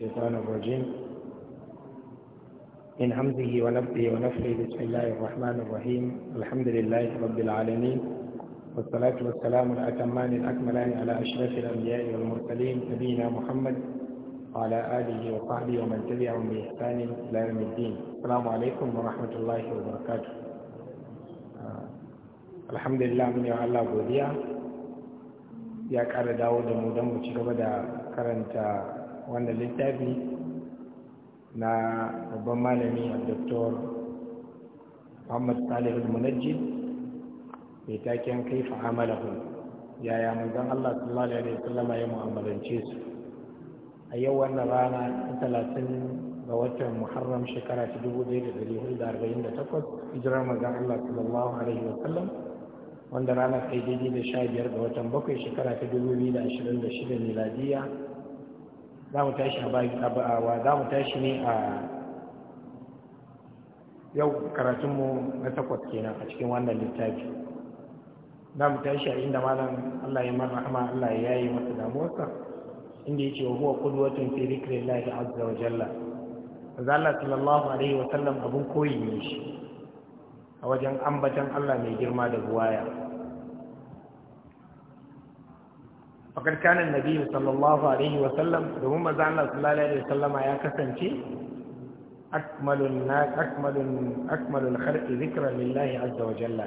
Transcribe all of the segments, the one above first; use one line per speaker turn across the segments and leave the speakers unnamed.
الشيطان الرجيم من همزه ونفسه ونفسه بسم الله الرحمن الرحيم الحمد لله رب العالمين والصلاة والسلام الأتمان الأكملان على أشرف الأنبياء والمرسلين نبينا محمد وعلى آله وصحبه ومن تبعهم بإحسان إلى يوم الدين السلام عليكم ورحمة الله وبركاته الحمد لله من الله godiya ya ƙara dawo da mu don mu ci gaba da karanta wannan littafi na babban malami a doktor muhammad salih munajjid mai taken kaifa amalahu yaya manzon allah sallallahu alaihi wasallama ya mu'amalance su a yau wannan rana ta talatin ga watan muharram shekara ta dubu ɗaya da ɗari hudu da arba'in da takwas hijirar manzon allah sallallahu alaihi wasallam wanda rana ta daidai da sha biyar ga watan bakwai shekara ta dubu biyu da ashirin da shida miladiya za mu tashi a wa za mu tashi ne a yau karatunmu na takwas kenan a cikin wannan littafi za mu tashi a inda malam Allah ya marhama Allah ya yi masa damuwarsa inda ya ce wa huwa qudwatun fi dhikrillahi azza wa jalla Allah sallallahu alaihi wa sallam abun koyi ne shi a wajen ambatan Allah mai girma da buwaya faƙar kanin nabi sallallahu alaihi wasallam domin maza Allah sallallahu alaihi wasallama ya kasance akmalun na akmalun akmalul khalqi zikran lillahi azza wa jalla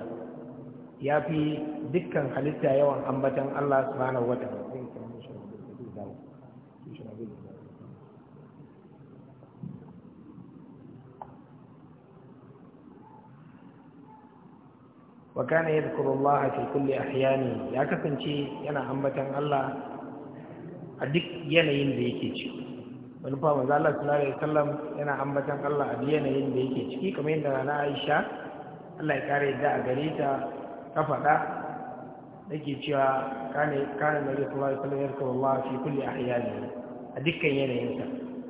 yafi dukkan halitta yawan ambatan Allah subhanahu wa ta'ala wa kana yadhkurullaha fi kulli ahyani ya kasance yana ambatan Allah a duk yanayin da yake ciki wani fa manzo Allah sallallahu alaihi wasallam yana ambatan Allah a duk yanayin da yake ciki kamar yadda na Aisha Allah ya kare yadda a gare ta ta faɗa nake cewa kana kana nabi sallallahu alaihi wasallam yadhkurullaha fi kulli ahyani a dukkan yanayinsa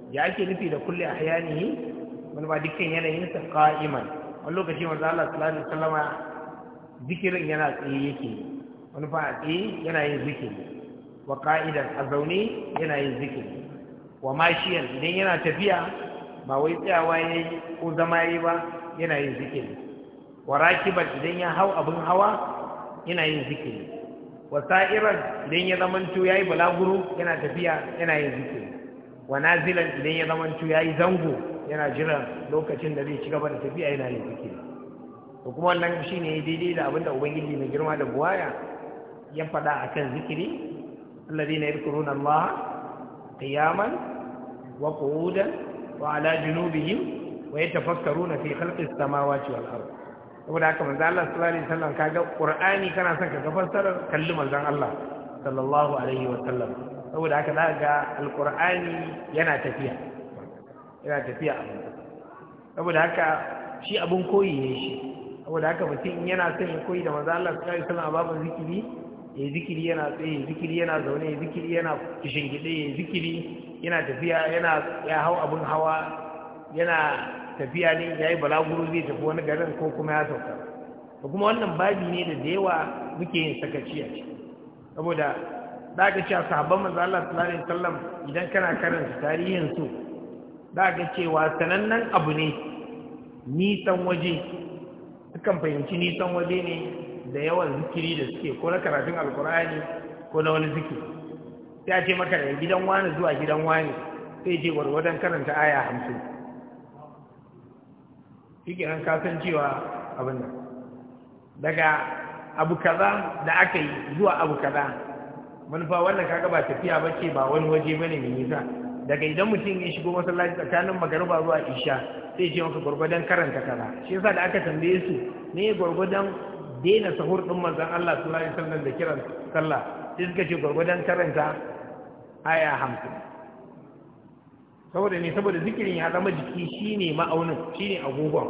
ya ake nufi da kulli ahyani wani ba dukkan yanayin yanayinsa qa'iman wani lokaci manzo Allah sallallahu alaihi wasallam zikirin yana tsaye yake wani fa a tsaye yana yin zikiri wa ka'idar a zaune yana yin zikiri wa mashiyan idan yana tafiya ba wai tsayawa ya yi ko zama ya yi ba yana yin zikiri wa rakibar idan ya hau abin hawa yana yin zikiri wa sa'irar idan ya zamanto ya yi balaguro yana tafiya yana yin zikiri wa nazilan idan ya zamanto ya yi zango yana jiran lokacin da zai ci gaba da tafiya yana yin zikiri to kuma wannan shine daidai da abinda ubangiji mai girma da buwaya ya faɗa a kan zikiri alladhina yadhkuruna allaha qiyaman wa qu'udan wa ala junubihim wa yatafakkaruna fi khalqis samawati wal ardh saboda haka manzo Allah sallallahu alaihi wasallam kaga qur'ani kana son ka ga fassarar kalli manzon Allah sallallahu alaihi wasallam saboda haka za ga alqur'ani yana tafiya yana tafiya saboda haka shi abun koyi ne shi saboda haka mutum yana son ya koyi da maza Allah sallallahu alaihi wasallam a zikiri ya zikiri yana tsaye ya zikiri yana zaune ya zikiri yana kishingide ya zikiri yana tafiya yana ya hau abin hawa yana tafiya ne ya yi balaguro zai tafi wani garin ko kuma ya sauka Ba kuma wannan babi ne da da yawa muke yin sakaci a ciki saboda da ka cewa sahabban manzo Allah sallallahu alaihi wasallam idan kana karanta tarihin su da ka cewa sanannen abu ne nisan waje sukan fahimci nisan waje ne da yawan zikiri da suke ko na karatun alkur'ani ko na wani ziki. sai a ce maka da gidan wani zuwa gidan wani sai ce gwargwadon karanta aya hamsin shi kenan cewa abin nan daga abu kaza da aka yi zuwa abu kaza manufa wannan kaga ba tafiya ba ce ba wani waje bane mai nisa daga idan mutum ya shigo masallaci tsakanin magariba zuwa isha sai ce maka gwargwadon karanta kaza shi yasa da aka tambaye su ne gwargwadon daina sahur din manzon Allah sallallahu alaihi wasallam da kiran sallah sai suka ce gwargwadon karanta aya hamsin? saboda ne saboda zikirin ya zama jiki shine ma'aunin shine agogon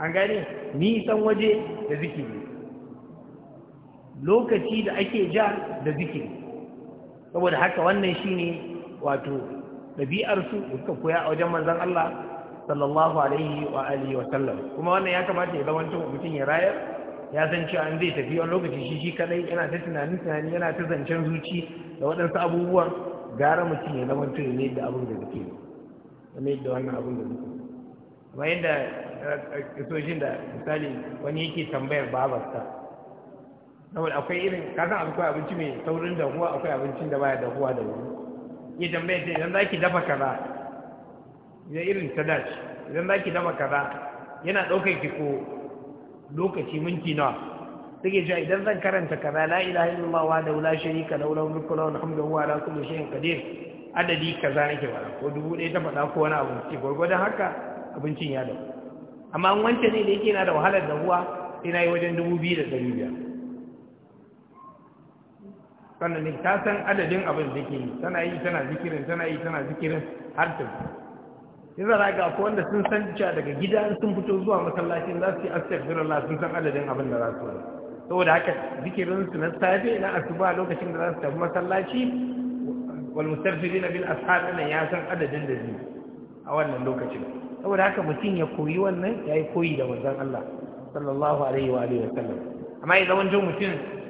an gane nisan waje da zikiri lokaci da ake ja da zikiri saboda haka wannan shine wato ɗabi'arsu da suka koya a wajen manzon Allah sallallahu alaihi wa alihi wa sallam kuma wannan ya kamata ya zama mutum ya rayar ya san cewa an zai tafi wani lokaci shi shi kadai yana ta tunanin tunani yana ta zancen zuci da waɗansu abubuwan gara mutum ya zama to ne da abin da zake ne da wannan abin da zake kamar yadda kisoshin eh, eh, da misali wani yake tambayar babarsa saboda akwai irin kasan akwai abinci mai saurin dahuwa akwai abincin da baya dahuwa da wuri ya tambaye ta idan za ki dafa kaza ya irin ta dace idan za ki dafa kaza yana ɗaukar ki ko lokaci minti nawa take cewa idan zan karanta kaza la ilaha illallah wa da la sharika lahu lahu mulku lahu alhamdu wa ala kulli shay'in qadir adadi kaza nake wala ko dubu ɗaya ta faɗa ko wani abu ce gwargwadon haka abincin ya dawo amma wancan ne da yake yana da wahalar da sai ina yi wajen dubu biyu da ɗari biyar sannan ne ta san adadin abin zikiri tana yi tana zikirin tana yi tana zikirin har ta yi zara ga ko wanda sun san cewa daga gida sun fito zuwa masallacin za su yi astaghfirullah sun san adadin abin da za su yi saboda haka zikirin su na safe na asuba lokacin da za su tafi masallaci wal na bil ashab nan ya san adadin da zai a wannan lokacin saboda haka mutum ya koyi wannan ya yi koyi da manzon Allah sallallahu alaihi wa alihi wa sallam amma idan wani mutum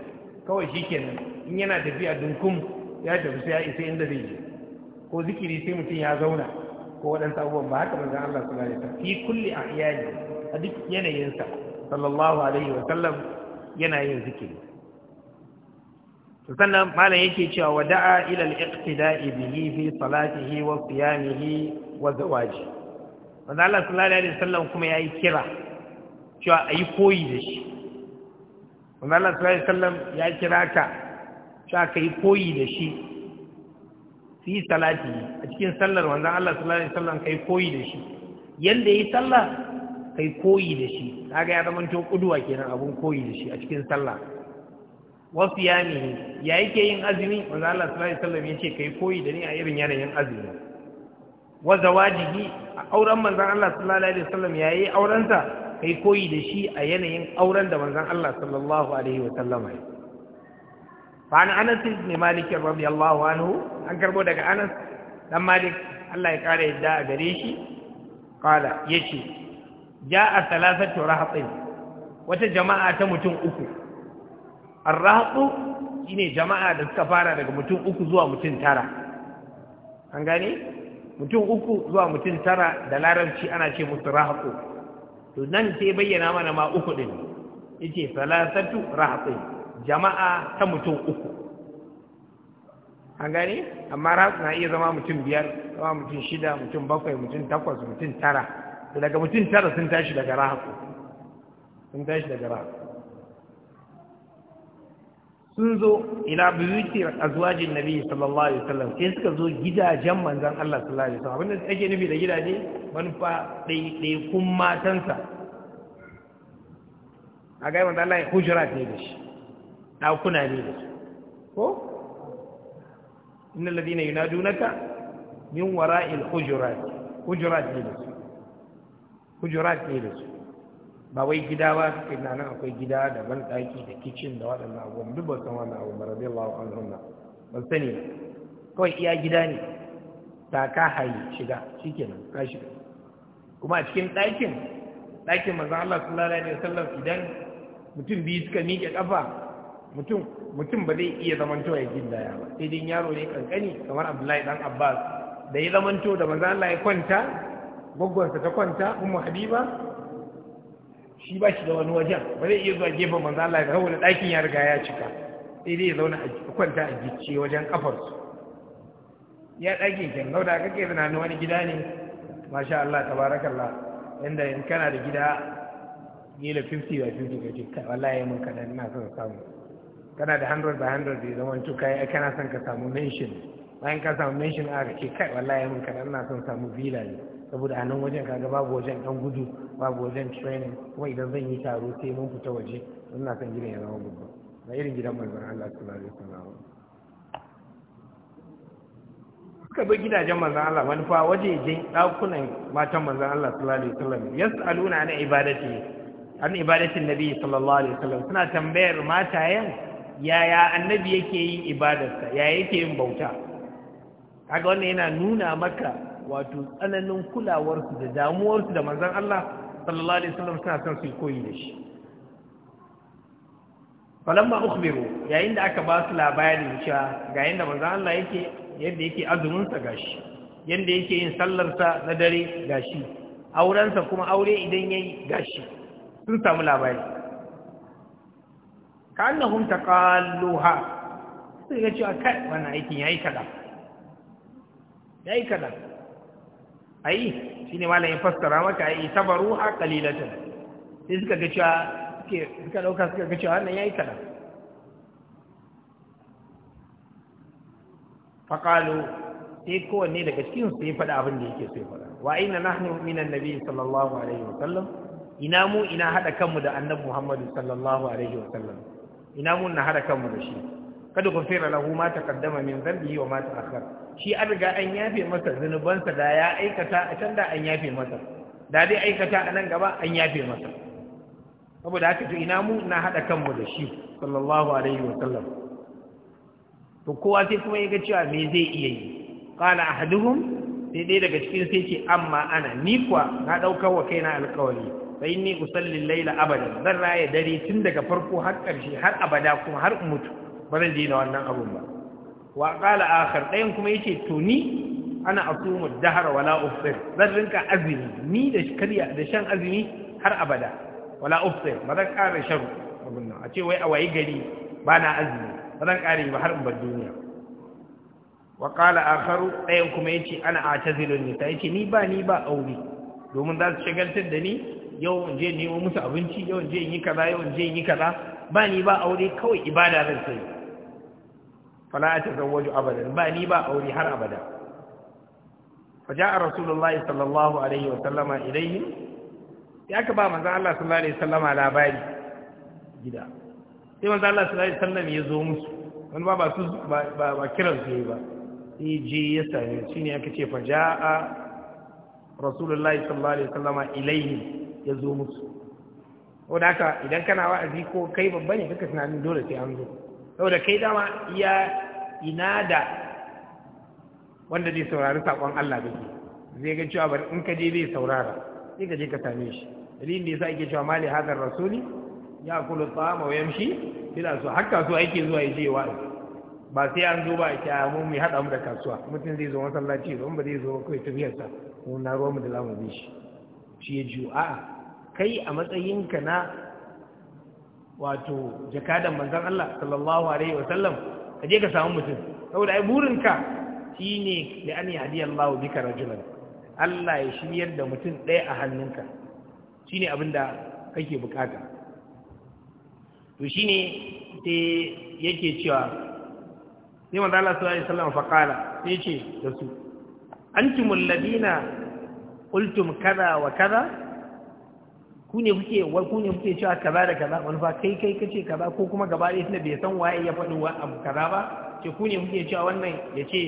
kawai shi kenan in yana tafiya dunkum ya tafi sai ya isa inda zai je ko zikiri sai mutum ya zauna ko waɗansu abubuwan ba haka manzon Allah sallallahu alaihi wasallam fi kulli ahyani a duk yanayinsa sallallahu alaihi wasallam yana yin zikiri to sannan malam yake cewa wada'a ila al-iqtida'i bihi fi salatihi wa qiyamihi wa zawaji manzon Allah sallallahu alaihi wasallam kuma yayi kira cewa ayi koyi da shi wanda Allah sallallahu alaihi ya kira ka sha yi koyi da shi fi salati a cikin sallar wanda Allah sallallahu alaihi ka yi koyi da shi yanda yi sallah yi koyi da shi kaga ya zama to kuduwa kenan abun koyi da shi a cikin sallah wasu ya ne ya yi ke yin azumi wanda Allah sallar ya ce ka yi koyi da ni a irin yanayin azumi wa a auren manzan Allah sallallahu alaihi wasallam yayi kai koyi da shi a yanayin auren da manzon Allah sallallahu alaihi wa sallama yi fa an Anas ibn Malik radiyallahu anhu an karbo daga Anas dan Malik Allah ya kare yadda a gare shi qala yace ja'a thalathatu rahatin wata jama'a ta mutum uku ar-rahatu shine jama'a da suka fara daga mutum uku zuwa mutum tara an gane mutum uku zuwa mutum tara da larabci ana ce musu rahaku to nan sai bayyana mana ma uku din yace salasatu rahatsin jama'a ta mutum uku an gane amma rahatsu na iya zama mutum biyar zama mutum shida mutum bakwai mutum takwas mutum tara daga mutum tara sun tashi daga rahatsu sun tashi daga rahatsu sun zo ila buyuti azwajin nabi sallallahu alaihi wasallam sai suka zo gidajen manzon Allah sallallahu alaihi wasallam abinda take nufi da gidaje manufa dai dai kun matansa a ga manzon Allah hujra ne da shi dakuna ne da shi ko innal ladina yunadunaka min wara'il hujurat hujurat ne da su hujurat ne da su ba wai gida ba suke ke nan akwai gida da ban ɗaki da kicin da waɗannan abubuwan duk ba san wannan abubuwan rabbi Allah wa Ba ban sani kawai iya gida ne ta ka hayi shiga shi ke nan ka shiga kuma a cikin ɗakin ɗakin manzon Allah sallallahu alaihi sallar idan mutum biyu suka miƙe ƙafa, mutum mutum ba zai iya to ya gida ya ba sai dai yaro ne kankani kamar Abdullahi dan Abbas da ya to da manzon Allah ya kwanta gwaggwansa ta kwanta ummu Habiba shi ba shi da wani wajen ba zai iya zuwa gefen manzo Allah ya saboda ɗakin ya riga ya cika sai dai ya zauna a kwanta a gicce wajen su ya ɗakin ke nau da kake tunanin wani gida ne masha Allah tabarakallah inda in kana da gida gila 50 by 50 kake kai wallahi ya mun kaɗan ina son samu kana da 100 by 100 da zaman tuka ya kana son ka samu mention bayan ka samu mention a kake kai wallahi ya mun kaɗan ina son samu villa ne saboda a nan wajen kaga babu wajen ɗan gudu babu wajen training kuma idan zan yi taro sai mun fita waje ina kan gidan ya zama babba na irin gidan manzon Allah sallallahu alaihi wasallam suka bi gidajen manzon Allah manufa je ɗakunan matan manzon Allah sallallahu alaihi wasallam yas'aluna an ibadati an ibadatin nabi sallallahu alaihi wasallam suna tambayar matayen yaya annabi yake yin ibadarsa yaya yake yin bauta kaga wannan yana nuna maka wato tsananin kulawarsu da damuwarsu da manzan Allah sallallahu alaihi wasallam suna son su koyi da shi falamma ukhbiru yayin da aka ba su labarin cewa ga yanda manzo Allah yake yadda yake azumin sa gashi yanda yake yin sallar sa na dare gashi auren sa kuma aure idan yayi gashi sun samu labari ka annahum taqalluha sai ga cewa kai wannan aikin yayi kada yayi kada ai shine malamin fassara maka yi tabaru a qalilatan sai suka ga cewa suka ɗauka suka ga cewa wannan yi kadan faqalu sai kowanne daga cikin su ya faɗa abin da yake sai faɗa wa na nahnu na biyu sallallahu alaihi wa sallam ina mu ina hada kanmu da annabi Muhammadu sallallahu alaihi wa sallam ina mu na hada kanmu da shi kada ku fira lahu ma taqaddama min dhanbihi wa ma ta'akhkhara shi an riga an yafe masa zunubansa da ya aikata a can da an yafe masa da dai aikata a nan gaba an yafe masa saboda haka to ina mu na haɗa kanmu da shi sallallahu alaihi wa sallam to kowa sai kuma ya ga cewa me zai iya yi qala ahaduhum sai dai daga cikin sai ce amma ana ni kuwa na ɗaukar wa kaina alƙawari fa inni usalli al-laila abadan zan raya dare tun daga farko har ƙarshe har abada kuma har mutu ba zan daina wannan abun ba wa qala akhar dayan kuma yace to ni ana asumu dahar wala ufsir zan rinka azumi ni da karya da shan azumi har abada wala ufsir ba zan ƙara shan abin nan a ce wai a wayi gari ba na azumi ba zan ƙara yi ba har in bar duniya wa qala akharu dayan kuma ce ana atazilu ni ta ce ni ba ni ba aure domin za su shagaltar da ni yau in je nemo musu abinci yau in je in yi kaza yau in je in yi kaza ba ni ba aure kawai ibada zan sai fala waje abadan ba ni ba aure har abada faja'a rasulullahi sallallahu alaihi wa sallama ilayhi sai aka ba manzo Allah sallallahu sallama labari gida sai manzo Allah sallallahu alaihi wa ya zo musu wani ba ba su ba ba ba sai je ya same shi ne aka ce faja'a rasulullahi sallallahu alaihi wa sallama ilayhi ya zo musu idan kana wa'azi ko kai babba ne kaka tunanin dole sai an zo saboda kai dama iya ina da wanda zai saurari saƙon Allah da ke zai ga cewa bari in ka je zai saurara sai ka je ka same shi dalilin da yasa ake cewa mali hadar rasuli ya kula tsama wa yamshi bila su hakka su ake zuwa ya je wa'azi ba sai an zo ba a kya mu mai haɗa mu da kasuwa mutum zai zo masallaci don ba zai zo kai tafiyarsa mu na mu da zamu bi shi shi ya ji a'a kai a matsayinka na wato jakadan manzon Allah sallallahu alaihi wasallam ka je ka samu mutum saboda ai burinka shine da an yahdi Allah bika rajulan Allah ya shiryar da mutum ɗaya a hannunka shine abinda da kake bukata to shine sai yake cewa sai manzo Allah sallallahu alaihi wasallam fa qala sai ce da su antumul ladina qultum kaza wa kaza ku ne kuke ku ne kuke cewa kaza da kaza wani fa kai kai kace kaza ko kuma gaba ɗaya tunda bai san waye ya faɗi wa abu kaza ba ce ku ne kuke cewa wannan ya ce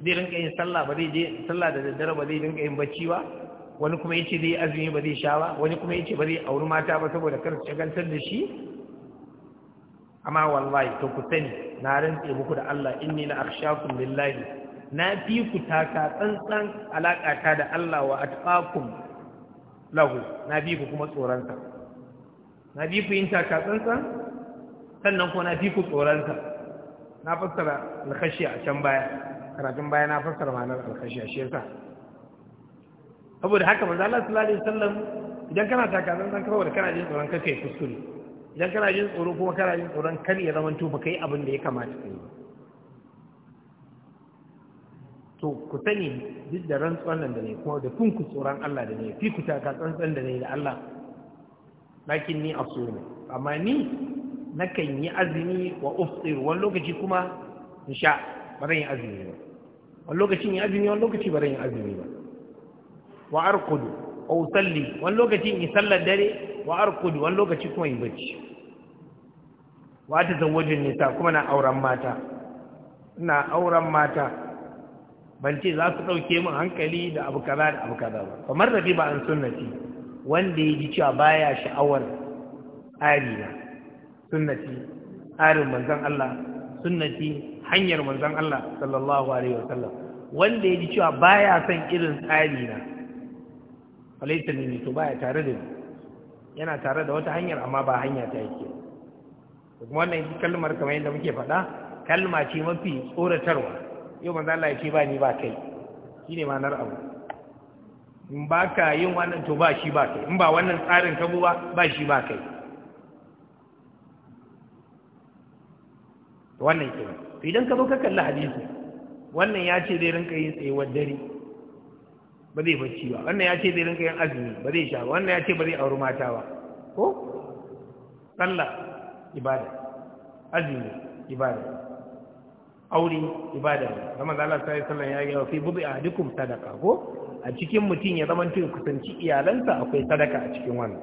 zai rinka yin sallah ba zai je sallah da daddare ba zai rinka yin bacci ba wani kuma ya ce zai azumi ba zai sha ba wani kuma ya ce ba zai auri mata ba saboda kar su shagaltar da shi amma wallahi to ku sani na rantse muku da Allah inni la akhshakum lillahi na fi ku taka tsantsan alaka ta da Allah wa atqakum lahu na bi ku kuma tsoronsa na bi ku yin taka tsantsan sannan ko na bi ku tsoronsa na fassara alkhashi a can baya karatun baya na fassara ma'anar alkhashiya shi yasa saboda haka manzo Allah sallallahu alaihi wasallam idan kana taka tsantsan kawai kana jin tsoron kake kuskure idan kana jin tsoro kuma kana jin tsoron kar ya zama to kai abin da ya kamata ka yi to ku sani duk da rantsuwan nan da ne kuma da kun ku tsoron Allah da ne fi ku ka tsantsan da ne da Allah lakin ni asumi amma ni nakan yi azumi wa uftir wani lokaci kuma in sha ba zan yi azumi ba wani lokacin yi azumi wani lokaci ba zan yi azumi ba wa arkudu wa usalli wani lokacin yi sallar dare wa arkudu wani lokaci kuma yi bacci wa ta zawajin nisa kuma na auren mata ina auren mata ban ce za su ɗauke min hankali da abu kaza da abu kaza ba kamar da ba an sunnati wanda ya ji cewa baya sha'awar tsari na sunnati tsarin manzon Allah sunnati hanyar manzon Allah sallallahu alaihi wa sallam. wanda ya ji cewa baya son irin tsari na alaita ne to baya tare da ni yana tare da wata hanyar amma ba hanya ta yake kuma wannan kalmar kamar yadda muke faɗa kalma ce mafi tsoratarwa yau manzo Allah ya ce ba ni ba kai shine ma'anar abu in ba ka yin wannan to ba shi ba kai in ba wannan tsarin ka ba ba shi ba kai wannan ke to idan ka zo ka kalli hadisi wannan ya ce zai rinka yin tsaye dare ba zai bacci ba wannan ya ce zai rinka yin azumi ba zai sha wannan ya ce ba zai auri mata ba ko sallah ibada azumi ibada aure ibada ne zama da Allah sai sallan ya ga fi bubi ahdikum sadaka ko a cikin mutun ya zama tun kusanci iyalansa akwai sadaka a cikin wannan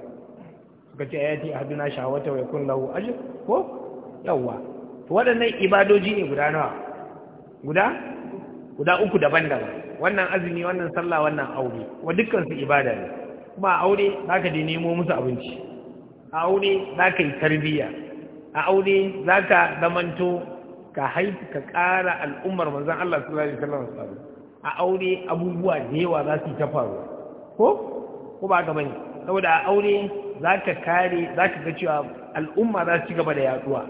suka ce ayati ahduna shahawata wa yakun lahu ajr ko yawa to wadannan ibadoji ne guda nawa guda guda uku daban-daban wannan azumi wannan sallah wannan aure wa dukkan su ibada ne kuma a aure zaka je nemo musu abinci a aure zaka yi tarbiyya a aure zaka zamanto ka haifi ka ƙara al'ummar manzan Allah sallallahu alaihi wasallam tsaro a aure abubuwa da yawa za su ta faru ko ko ba ka bane saboda a aure za ka kare za ka ga cewa al'umma za su ci gaba da yaduwa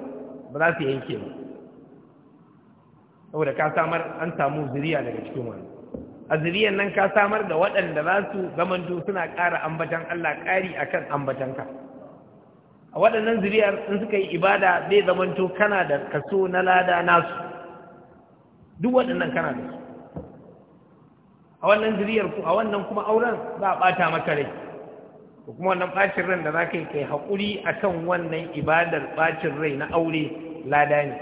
ba za su yanke ba saboda ka samar an samu zuriya daga cikin wani a zuriyar nan ka samar da waɗanda za su zamanto suna ƙara ambatan Allah ƙari akan ambatanka a waɗannan zuriyar in suka yi ibada zai zamanto kana da kaso na lada nasu duk waɗannan kana da su a wannan zuriyar ku a wannan kuma auren za a ɓata maka rai ko kuma wannan ɓacin ran da za ka yi kai haƙuri a kan wannan ibadar ɓacin rai na aure lada ne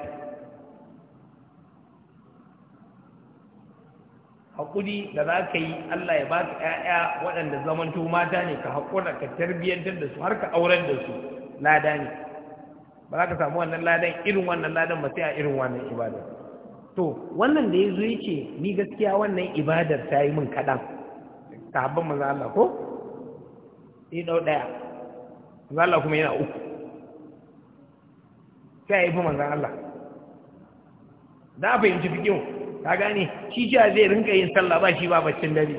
haƙuri da za ka yi Allah ya ba ka ‘ya'ya waɗanda zamanto mata ne ka haƙura ka tarbiyyantar da su har ka auren da su lada ne ba za ka samu wannan ladan irin wannan ladan ba sai a irin wannan ibadar to wannan da ya zo ya ce ni gaskiya wannan ibadar ta yi min kaɗan sahabban maza Allah ko sai ɗau ɗaya maza Allah kuma yana uku sai a yi fi maza Allah za a fahimci kyau ka gane shi jiya zai rinka yin sallah ba shi ba baccin dare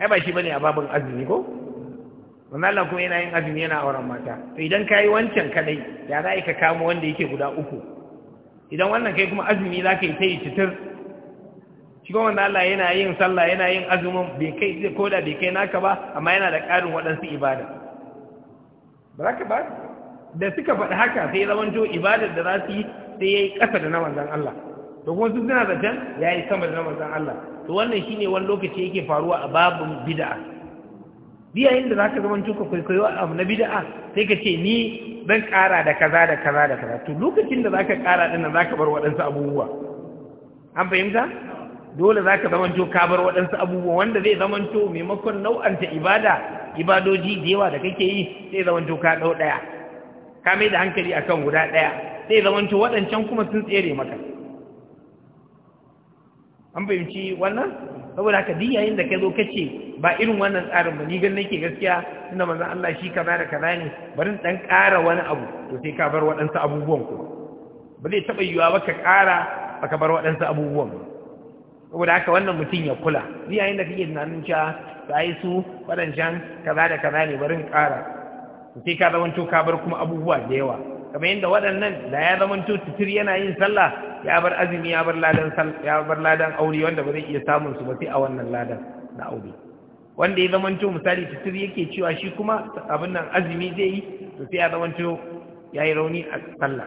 ai ba shi ba ne a babin azumi ko manzo Allah kuma yana yin azumi yana auren mata to idan ka wancan kadai ya za ka kamo wanda yake guda uku idan wannan kai kuma azumi za ka yi ta yi citir shi kuma wanda Allah yana yin sallah yana yin azumin bai kai zai koda bai kai naka ba amma yana da ƙarin waɗansu ibada ba za ka ba da suka faɗi haka sai zamanto ibadar da za su yi sai ya yi ƙasa da na manzan Allah to kuma su suna zaton ya yi sama da na manzan Allah to wannan shine wani lokaci yake faruwa a babin bid'a biya da za ka zama tuka kwaikwayo abu na bida'a sai ka ce ni zan kara da kaza da kaza da kaza to lokacin da za ka kara dinnan za ka bar waɗansu abubuwa an fahimta dole za ka zama ka bar waɗansu abubuwa wanda zai zama to maimakon nau'anta ibada ibadoji da yawa da kake yi sai zama to ka ɗau ɗaya ka mai da hankali akan guda ɗaya sai zama to waɗancan kuma sun tsere maka an fahimci wannan saboda haka duk yayin da ka zo kace ba irin wannan tsarin ba ni gan nake gaskiya tunda manzon Allah shi kaza da kaza ne bari in dan ƙara wani abu to sai ka bar waɗansu abubuwan ku ba zai taɓa yiwuwa ba ka ƙara ba ka bar waɗansu abubuwan ba saboda haka wannan mutum ya kula ni yayin da kake tunanin cewa ka yi su waɗancan kaza da kaza ne bari in ƙara sai ka to ka bar kuma abubuwa da yawa kamar yadda waɗannan da ya zama tutur yana yin sallah ya bar azumi ya bar ladan ya bar ladan aure wanda ba zai iya samun su ba sai a wannan ladan na aure wanda ya zama tutur misali tutur yake cewa shi kuma abin nan azumi zai yi to sai ya zama tutur ya yi rauni a sallah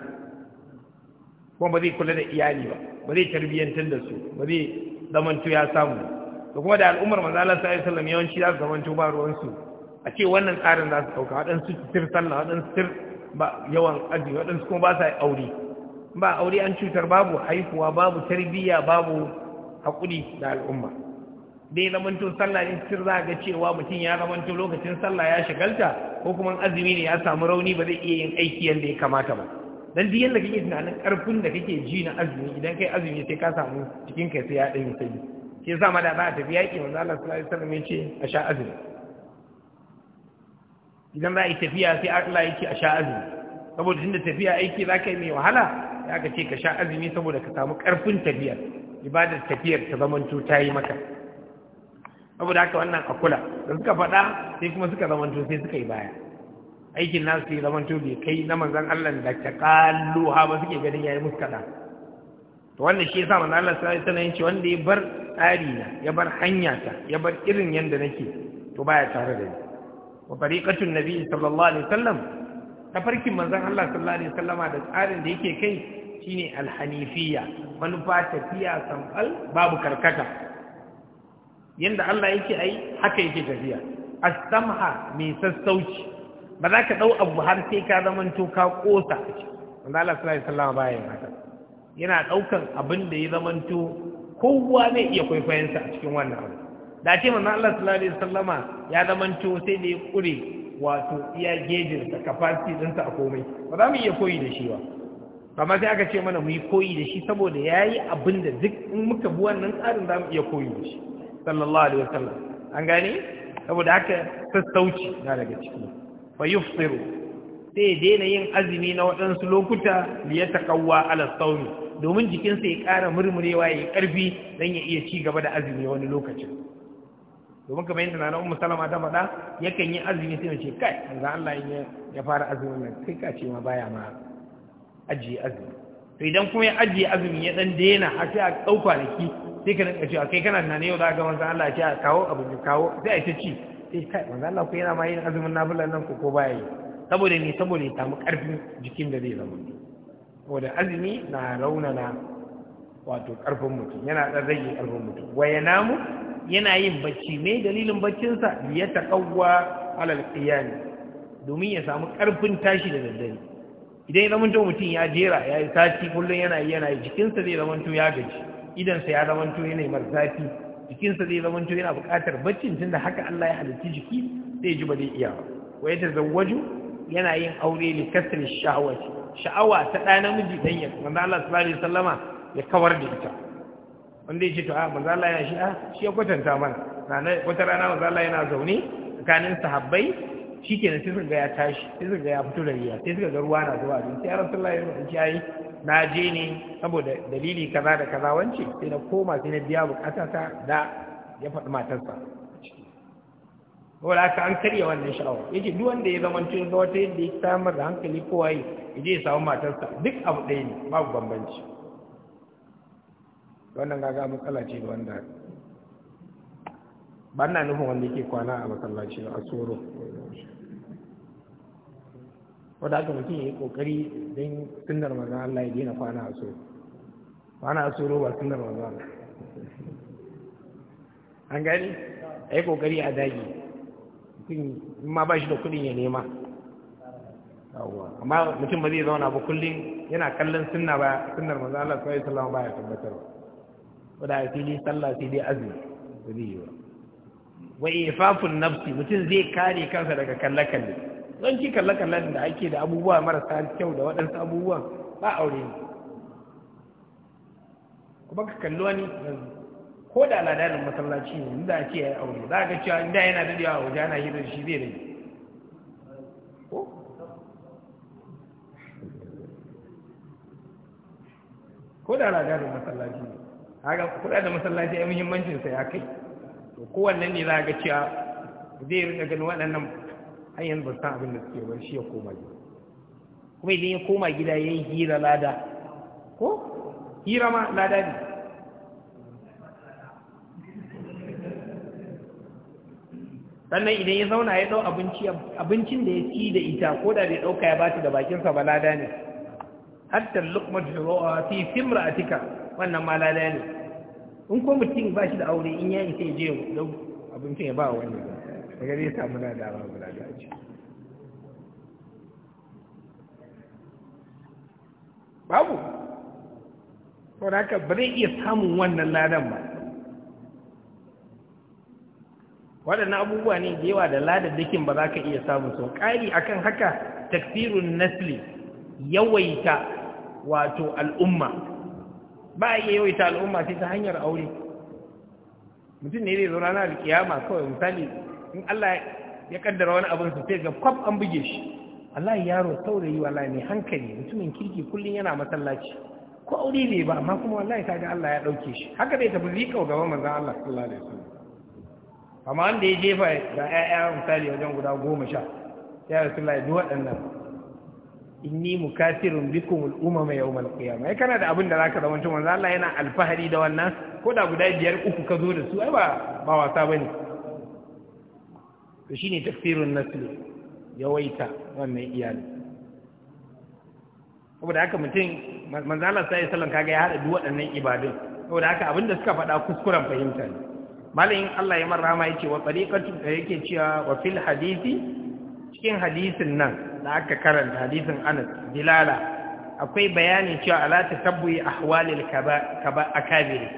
kuma ba zai kula da iyali ba ba zai tarbiyyantar da su ba zai zama tutur ya samu da kuma da al'ummar manzo Allah sallallahu alaihi wasallam yawanci za su zama tutur ba ruwan su a ce wannan tsarin za su dauka waɗansu tutur sallah waɗansu tutur ba yawan aji waɗansu kuma ba sa aure ba aure an cutar babu haihuwa babu tarbiyya babu haƙuri da al'umma dai zamanto sallah ne sun za ga cewa mutum ya zamanto lokacin sallah ya shigalta ko kuma azumi ne ya samu rauni ba zai iya yin aiki yadda ya kamata ba dan duk yadda kake tunanin ƙarfin da kake ji na azumi idan kai azumi sai ka samu cikin kai sai ya ɗanyi sai Ke sa ma da za a tafi yaƙi manzo Allah sallallahu alaihi wasallam ya ce a sha azumi idan za a yi tafiya sai Allah ya ce a sha azumi saboda tunda tafiya aiki za ka yi mai wahala ya aka ce ka sha azumi saboda ka samu karfin tafiyar ibadar tafiyar ta zamanto ta yi maka saboda haka wannan a kula da suka faɗa sai kuma suka zamanto sai suka yi baya aikin nasu ya zamanto bai kai na manzan Allah da ta kalluha ba suke ganin yayi musu kaɗan to wannan shi yasa manzan Allah sallallahu alaihi wasallam wanda ya bar tsari na ya bar hanya ta ya bar irin yanda nake to baya tare da ni wa tariqatun nabi sallallahu alaihi wasallam tafarkin manzon Allah sallallahu alaihi wasallama da tsarin da yake kai shine Alhanifiya, manufa tafiya sankal babu karkata yanda Allah yake ai haka yake tafiya as-samha mai sassauci ba za ka dau abu har sai ka zamanto ka kosa a Allah sallallahu alaihi wasallama bayan yana daukan abin da ya zamanto kowa zai iya kwaifayansa a cikin wannan abu da ce manzon Allah sallallahu alaihi wasallama ya zamanto sai da ya kure wato iya gejin sa capacity din sa a komai ba za mu iya koyi da shi ba amma sai aka ce mana mu yi koyi da shi saboda yayi abin da duk in muka bi wannan tsarin za mu iya koyi da shi sallallahu alaihi wasallam an gane saboda haka sassauci na daga ciki fa yufsiru sai daina yin azumi na waɗansu lokuta liya kawwa ala sauni domin jikinsa ya ƙara murmurewa ya ƙarfi dan ya iya ci gaba da azumi wani lokacin domin kamar yadda na ummu salama ta faɗa yakan yi azumi sai ce kai manzo Allah ya fara azumin nan kai ka ce ma baya ma ajiye azumi to idan kuma ya ajiye azumi ya dan daina a sai a ɗau kwanaki sai ka rinka cewa kai kana tunanin yau za ga manzo Allah ya ce a kawo abu ya kawo sai a yi ta ci sai kai manzo Allah ko yana ma yin azumin nafila nan ko ko baya yi saboda ne saboda ya samu ƙarfin jikin da zai zama saboda azumi na raunana wato ƙarfin mutum yana ɗan rage ƙarfin mutum wa namu yana yin bacci ne dalilin baccinsa ya taƙawwa alal qiyami domin ya samu ƙarfin tashi da daddare idan ya zamanto mutum ya jera ya yi sati kullum yana yi yana yi jikinsa zai zamanto ya gaji idansa ya zamanto yana yi marzafi jikinsa zai zamanto yana buƙatar baccin tun da haka Allah ya halarci jiki zai ji ba zai iya ba Wai ta tazawwaju yana yin aure ne kasar sha'awa sha'awa ta ɗa namiji dan ya manzo Allah sallallahu alaihi wasallama ya kawar da ita wanda ya ce to a manzo Allah ya shi shi ya kwatanta mana sanan wata rana manzo Allah yana zaune tsakanin sahabbai shikenan sai suka ga ya tashi sai suka ya fito da riya sai suka ruwa na zuwa din sai Rasulullah ya ya yayi na je ne saboda dalili kaza da kaza wance sai na koma sai na biya ta da ya faɗi matarsa wala aka an karya wannan sha'awa yake duk wanda ya zama tun ga wata yadda ya samar da hankali kowa yi ya je ya samu matarsa duk abu ɗaya ne babu bambanci wannan gaga matsala ce da wanda ba na nufin wanda yake kwana a masallaci a tsoro wadda aka mutum ya yi kokari don sunnar maza, Allah ya daina kwana a tsoro kwana a tsoro ba sunnar maza an gani a yi kokari a dagi mutum ma ba shi da kudin ya nema amma mutum ba zai zauna ba kullum yana kallon sunna ba sunnar maza Allah sallallahu alaihi wasallam ba ya tabbatarwa wadda a fili sallah sai dai azumi ba zai yi ba wa ifafun nafsi mutum zai kare kansa daga kalle-kalle don ki kalle kalle da ake da abubuwa marasa kyau da waɗansu abubuwan ba aure ne kuma ka kalli wani ko da aladarin masallaci ne inda ake ya yi aure za ka cewa inda yana dadewa a waje ana hirar shi zai rage ko ko da aladarin masallaci ne kaga kuɗa da masallaci ya muhimmancinsa ya kai to wannan ne za ga cewa zai rika ganin waɗannan hanyar ba san abin da suke ba shi ya koma gida kuma idan ya koma gida ya yi hira lada ko hira ma lada ne sannan idan ya zauna ya ɗau abinci abincin da ya ci da ita ko da bai ɗauka ya ba da bakinsa ba lada ne hatta lukmatu fi atika wannan ma lada ne in ko mutum ba shi da aure in ya isa je ya abin ya ba wani wani daga zai samu na dama guda da ce babu ko da haka ba zai iya samun wannan ladan ba waɗannan abubuwa ne da yawa da dukin ba za ka iya samun sau ƙari akan haka takfirun nasli yawaita wato al'umma ba a iya yawaita al'umma sai ta hanyar aure mutum ne zai zo rana da kiyama kawai misali in Allah ya kaddara wani abin su sai ga kwaf an buge shi Allah yaro saurayi wala mai hankali mutumin kirki kullum yana masallaci ko aure ne ba amma kuma wallahi kaga Allah ya ɗauke shi haka zai tafi zikau gaba manzon Allah sallallahu alaihi wasallam amma wanda ya jefa ga yaya misali wajen guda goma sha ya rasulullahi duk waɗannan inni mukasirun bikum al-umama yawm al qiyama ai kana da abin da zaka zama tun manzo Allah yana alfahari da wannan ko da guda biyar uku ka zo da su ai ba ba wasa bane to shine tafsirun nasl yawaita wannan iyali saboda haka mutum manzo Allah sai sallan kaga ya hada duk waɗannan ibadun saboda haka abin da suka faɗa kuskuren fahimta ne malamin Allah ya marrama yace wa tariqatu yake cewa wa fil hadisi cikin hadisin nan da aka karanta hadisin anas Bilala akwai bayanin cewa ala ta tasabbuyi ahwalil kaba akabiri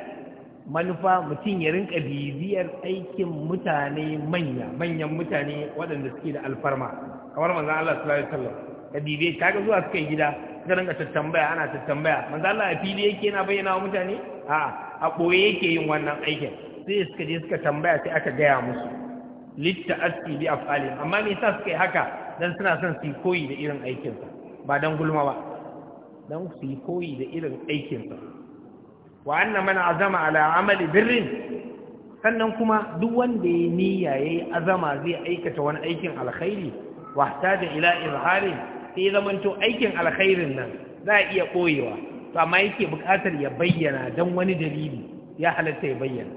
manufa mutum ya rinka bibiyar aikin mutane manya manyan mutane waɗanda suke da alfarma kamar manzon Allah sallallahu alaihi wasallam ka bibiye kaga zuwa suka gida suka rinka tattambaya ana tattambaya manzon Allah a fili yake yana bayyana wa mutane a'a a boye yake yin wannan aikin sai suka je suka tambaya sai aka gaya musu litta asti bi af'alin amma me yasa suka yi haka dan suna son su yi koyi da irin aikinsa ba dan gulma ba dan su yi koyi da irin aikinsa wa anna mana azama ala amali birrin sannan kuma duk wanda ya niyya yayi azama zai aikata wani aikin alkhairi wa da ila izharin sai zamanto aikin alkhairin nan za a iya koyewa to amma yake buƙatar ya bayyana dan wani dalili ya halatta ya bayyana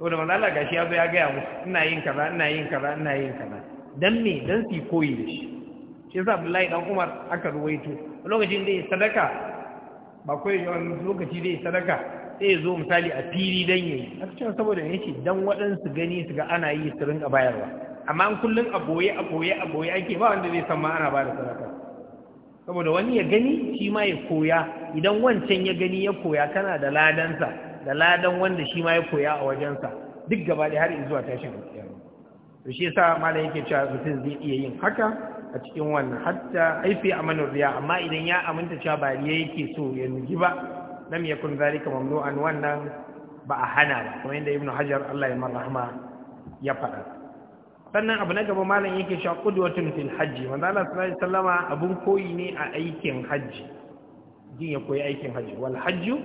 to da manzo gashi ya zo ya gaya mu ina yin kaza ina yin kaza ina yin kaza dan me dan su koyi da shi shi yasa Abdullahi dan Umar aka ruwaito lokacin da ya sadaka ba koyi yawan lokaci da ya sadaka sai ya zo misali a fili dan yayi aka cewa saboda ya ce dan waɗansu gani su ga ana yi su rinka bayarwa amma an kullum a boye a boye a boye ake ba wanda zai san ma ana ba da sadaka saboda wani ya gani shi ma ya koya idan wancan ya gani ya koya kana da ladansa da ladan wanda shi ma ya koya a wajensa duk gaba da har zuwa tashin to shi yasa malai yake cewa mutum zai iya yin haka a cikin wannan hatta aifi a riya amma idan ya aminta cewa ba riya yake so ya nugi ba lam yakun zalika mamnu'an wannan ba a hana ba kuma inda ibnu hajar Allah ya marhama ya faɗa sannan abu na gaba malam yake cewa qudwatun fil hajji manzo Allah sallallahu alaihi wasallama abun koyi ne a aikin hajji din ya koyi aikin hajji wal hajju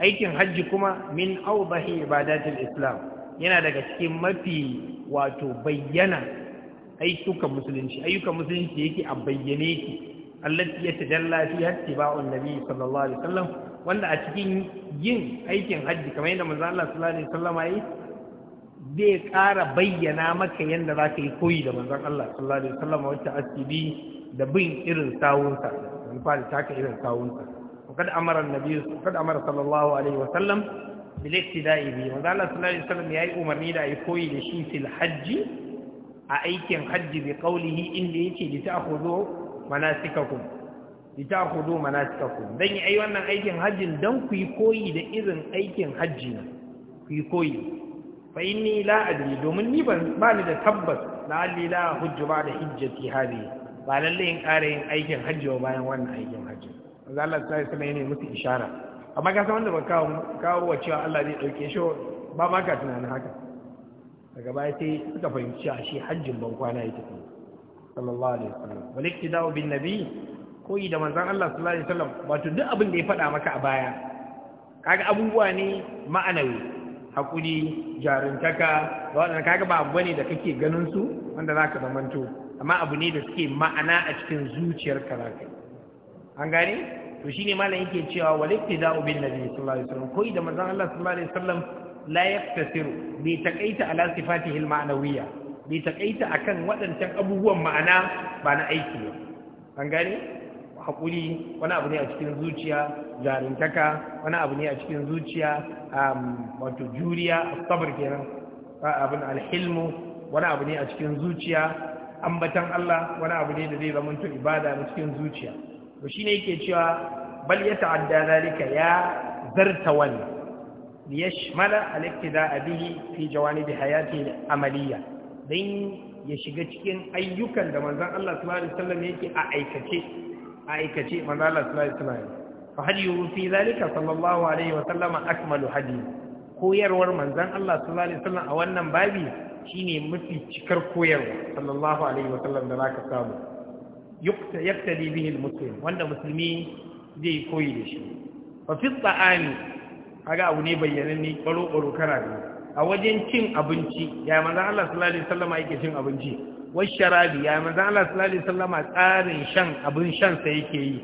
aikin hajji kuma min awdahi ibadatil islam yana daga cikin mafi wato bayyana ayyukan musulunci ayyukan musulunci yake a bayyane yake allati yatajalla fi hattiba'un nabi sallallahu alaihi wasallam wanda a cikin yin aikin hajji kamar yadda manzo Allah sallallahu alaihi wasallam yi zai ƙara bayyana maka yadda za ka yi koyi da manzon Allah sallallahu alaihi wasallam wacce asibi da bin irin sawunsa in fara taka irin sawunsa وقد أمر النبي وقد أمر صلى الله عليه وسلم biliftida'i bi manzo Allah sallallahu alaihi wasallam yayi umarni da ayi koyi da shi fil hajji a aikin hajji bi qawlihi inda yace li ta'khudhu manasikakum li ta'khudhu manasikakum dan yi ayi wannan aikin hajjin dan ku yi koyi da irin aikin hajji na, ku yi koyi fa inni la adri domin ni ban ba ni da tabbas la'alli la hujju ba da hijjati hadi ba lalle in ƙara yin aikin hajji bayan wannan aikin hajji manzo Allah sallallahu alaihi wasallam yana musu isharar amma ka san wanda ba kawo kawo wa cewa Allah zai dauke shi ba ma ka tunanin haka daga baya sai suka fahimci a shi hajjin ban kwana ya tafi sallallahu alaihi wasallam wal iktida'u bin nabi koyi da manzon Allah sallallahu alaihi wasallam wato duk abin da ya faɗa maka a baya kaga abubuwa ne ma'anawi hakuri jaruntaka da wannan kaga ba abu ne da kake ganin su wanda zaka zamanto amma abu ne da suke ma'ana a cikin zuciyarka zaka an gane to shine malam yake cewa wal iktida'u bin nabi sallallahu alaihi wasallam koi da manzon Allah sallallahu alaihi wasallam la yaktasiru bi taqaita ala sifatihi al-ma'nawiyya bi taqaita akan wadancan abubuwan ma'ana ba na aiki ba an gane hakuri wani abu ne a cikin zuciya jarintaka wani abu ne a cikin zuciya wato juriya sabr kenan abin alhilmu wani abu ne a cikin zuciya ambatan Allah wani abu ne da zai zama ibada a cikin zuciya to shine yake cewa bal ya ta'adda zalika ya zarta wani. wannan liyashmala al-iktida'a bihi fi jawanib hayati amaliya dan ya shiga cikin ayyukan da manzon Allah sallallahu alaihi wasallam yake a aikace a aikace manzon Allah sallallahu alaihi wasallam fa hadiyu fi zalika sallallahu alaihi wa sallam akmalu hadi koyarwar manzon Allah sallallahu alaihi wasallam a wannan babi shine mafi cikar koyarwa sallallahu alaihi wa sallam da zaka samu yaktadi bihi almuslim wanda musulmi zai koyi da shi fa fi ta'ami kaga abu ne bayyananne baro baro kana da a wajen cin abinci ya manzo Allah sallallahu alaihi wasallam yake cin abinci wal sharabi ya manzo Allah sallallahu alaihi wasallam tsarin shan abin shan sa yake yi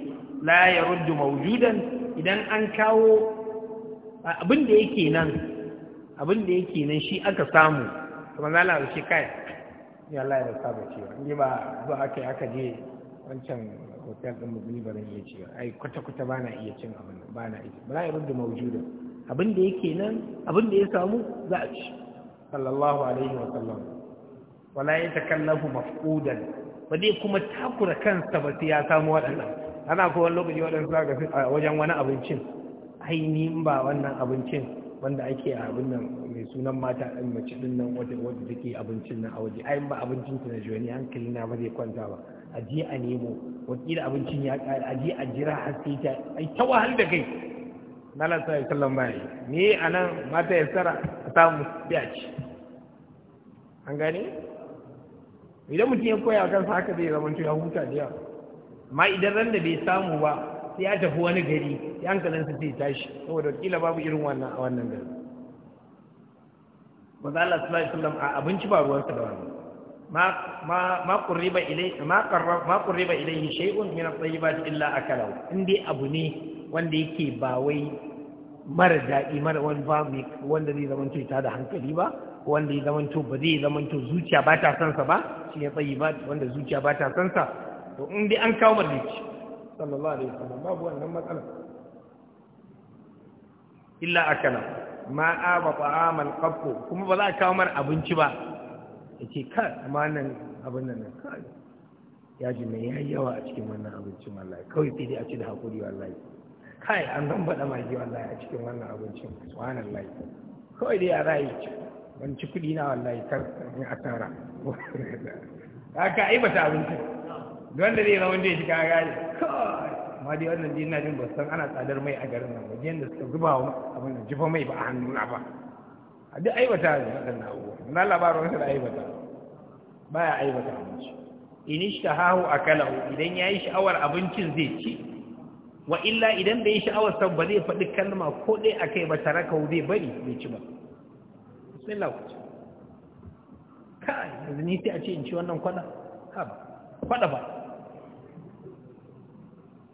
la yaruddu mawjudan idan an kawo abin da yake nan abin da yake nan shi aka samu kuma zalala shi kai ya Allah ya saba cewa ni ba ba aka aka je wancan hotel ɗin muguni ba zan iya ci ai kwata-kwata ba na iya cin abin nan ba na iya ba ya a rubuta maujuda abin da yake nan abin da ya samu za a ci sallallahu alaihi wa sallam wala ya takallafu mafqudan ba dai kuma takura kansa ba sai ya samu waɗannan ana ko wani lokaci za ga a wajen wani abincin ainihin ba wannan abincin wanda ake a abin nan mai sunan mata ɗin mace ɗin nan wadda take abincin nan a waje ayin ba abincin ta na jiwani hankali na ba zai kwanta ba a je a nemo wakila abincin ya ƙare a je a jira har sai ta ai ta wahal da kai na lasa ya sallan baya ne a nan mata ya tsara a samu biyaci an gane idan mutum ya koya kansa haka zai zama ya huta da yawa amma idan ran da bai samu ba sai ya tafi wani gari ya hankalinsa sai tashi saboda wakila babu irin wannan a wannan gari maza Allah sallallahu alaihi wasallam a abinci ba ruwansa da wannan ma ƙurriba ilaihi shai'un min at-tayyibat illa akalahu indai abu ne wanda yake ba wai mara daɗi mara wani ba wanda zai zama ta da hankali ba wanda ya zamanto ba zai zamanto zuciya ba ta sansa ba shi ya tsayi ba wanda zuciya ba ta sansa to in dai an kawo marlici sallallahu alaihi wasallam babu wannan matsala illa akala ma aba ta'aman qabbu kuma ba za a kawo mar abinci ba ya ka amanan abin nan kai ya ji mai yayi yawa a cikin wannan abincin wallahi kawai sai dai a ci da hakuri wallahi kai an zan bada magi wallahi a cikin wannan abincin subhanallahi kawai dai a rayu ban ci kudi na wallahi kar in asara haka ai bata abincin wanda zai zama zai shiga gari kawai amma dai wannan dai na jin ba san ana tsadar mai a garin nan ba da suka zuba wa abin da jifa mai ba a hannu na ba duk aibata ne waɗannan abubuwa na labarin wasu da aibata ba ya aibata abinci in shi hahu a kalahu idan ya yi sha'awar abincin zai ci wa illa idan bai yi sha'awar san ba zai faɗi kalma ko ɗaya a kai ba tare ka zai bari bai ci ba sai kai yanzu ni sai a ce in ci wannan kwada ha ba kwada ba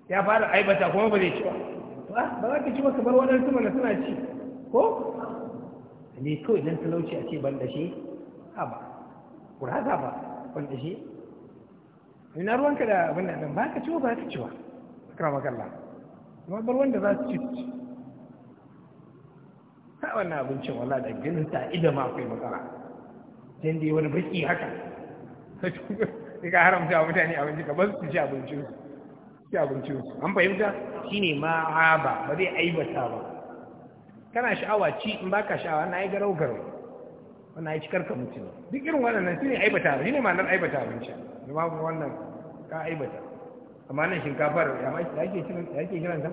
ya fara aibata kuma ba zai ci ba ah, ba za ka ci ba ka bar waɗansu mana suna ci ko ne kawai idan talauci a ce ban da shi a ba kurata ba ban da shi ina ruwanka da abin nan ba ka ciwo ba ka ciwa kira makalla kuma bar wanda za su ci ta wannan abincin wala da ganin ta ida ma akwai matsala dan dai wani baki haka sai ka haramta wa mutane abinci ka bar su ci abincin su ci abincin su an fahimta shine ma ba ba zai aibata ba kana sha'awa ci in baka sha'awa na yi garau garau wannan ya ci karka mutu ne duk irin wannan su ne aibata ba, ne ma'anar aibata abinci da babu wannan ka aibata amma nan shinkafar ya ma da yake kiran da kiran ta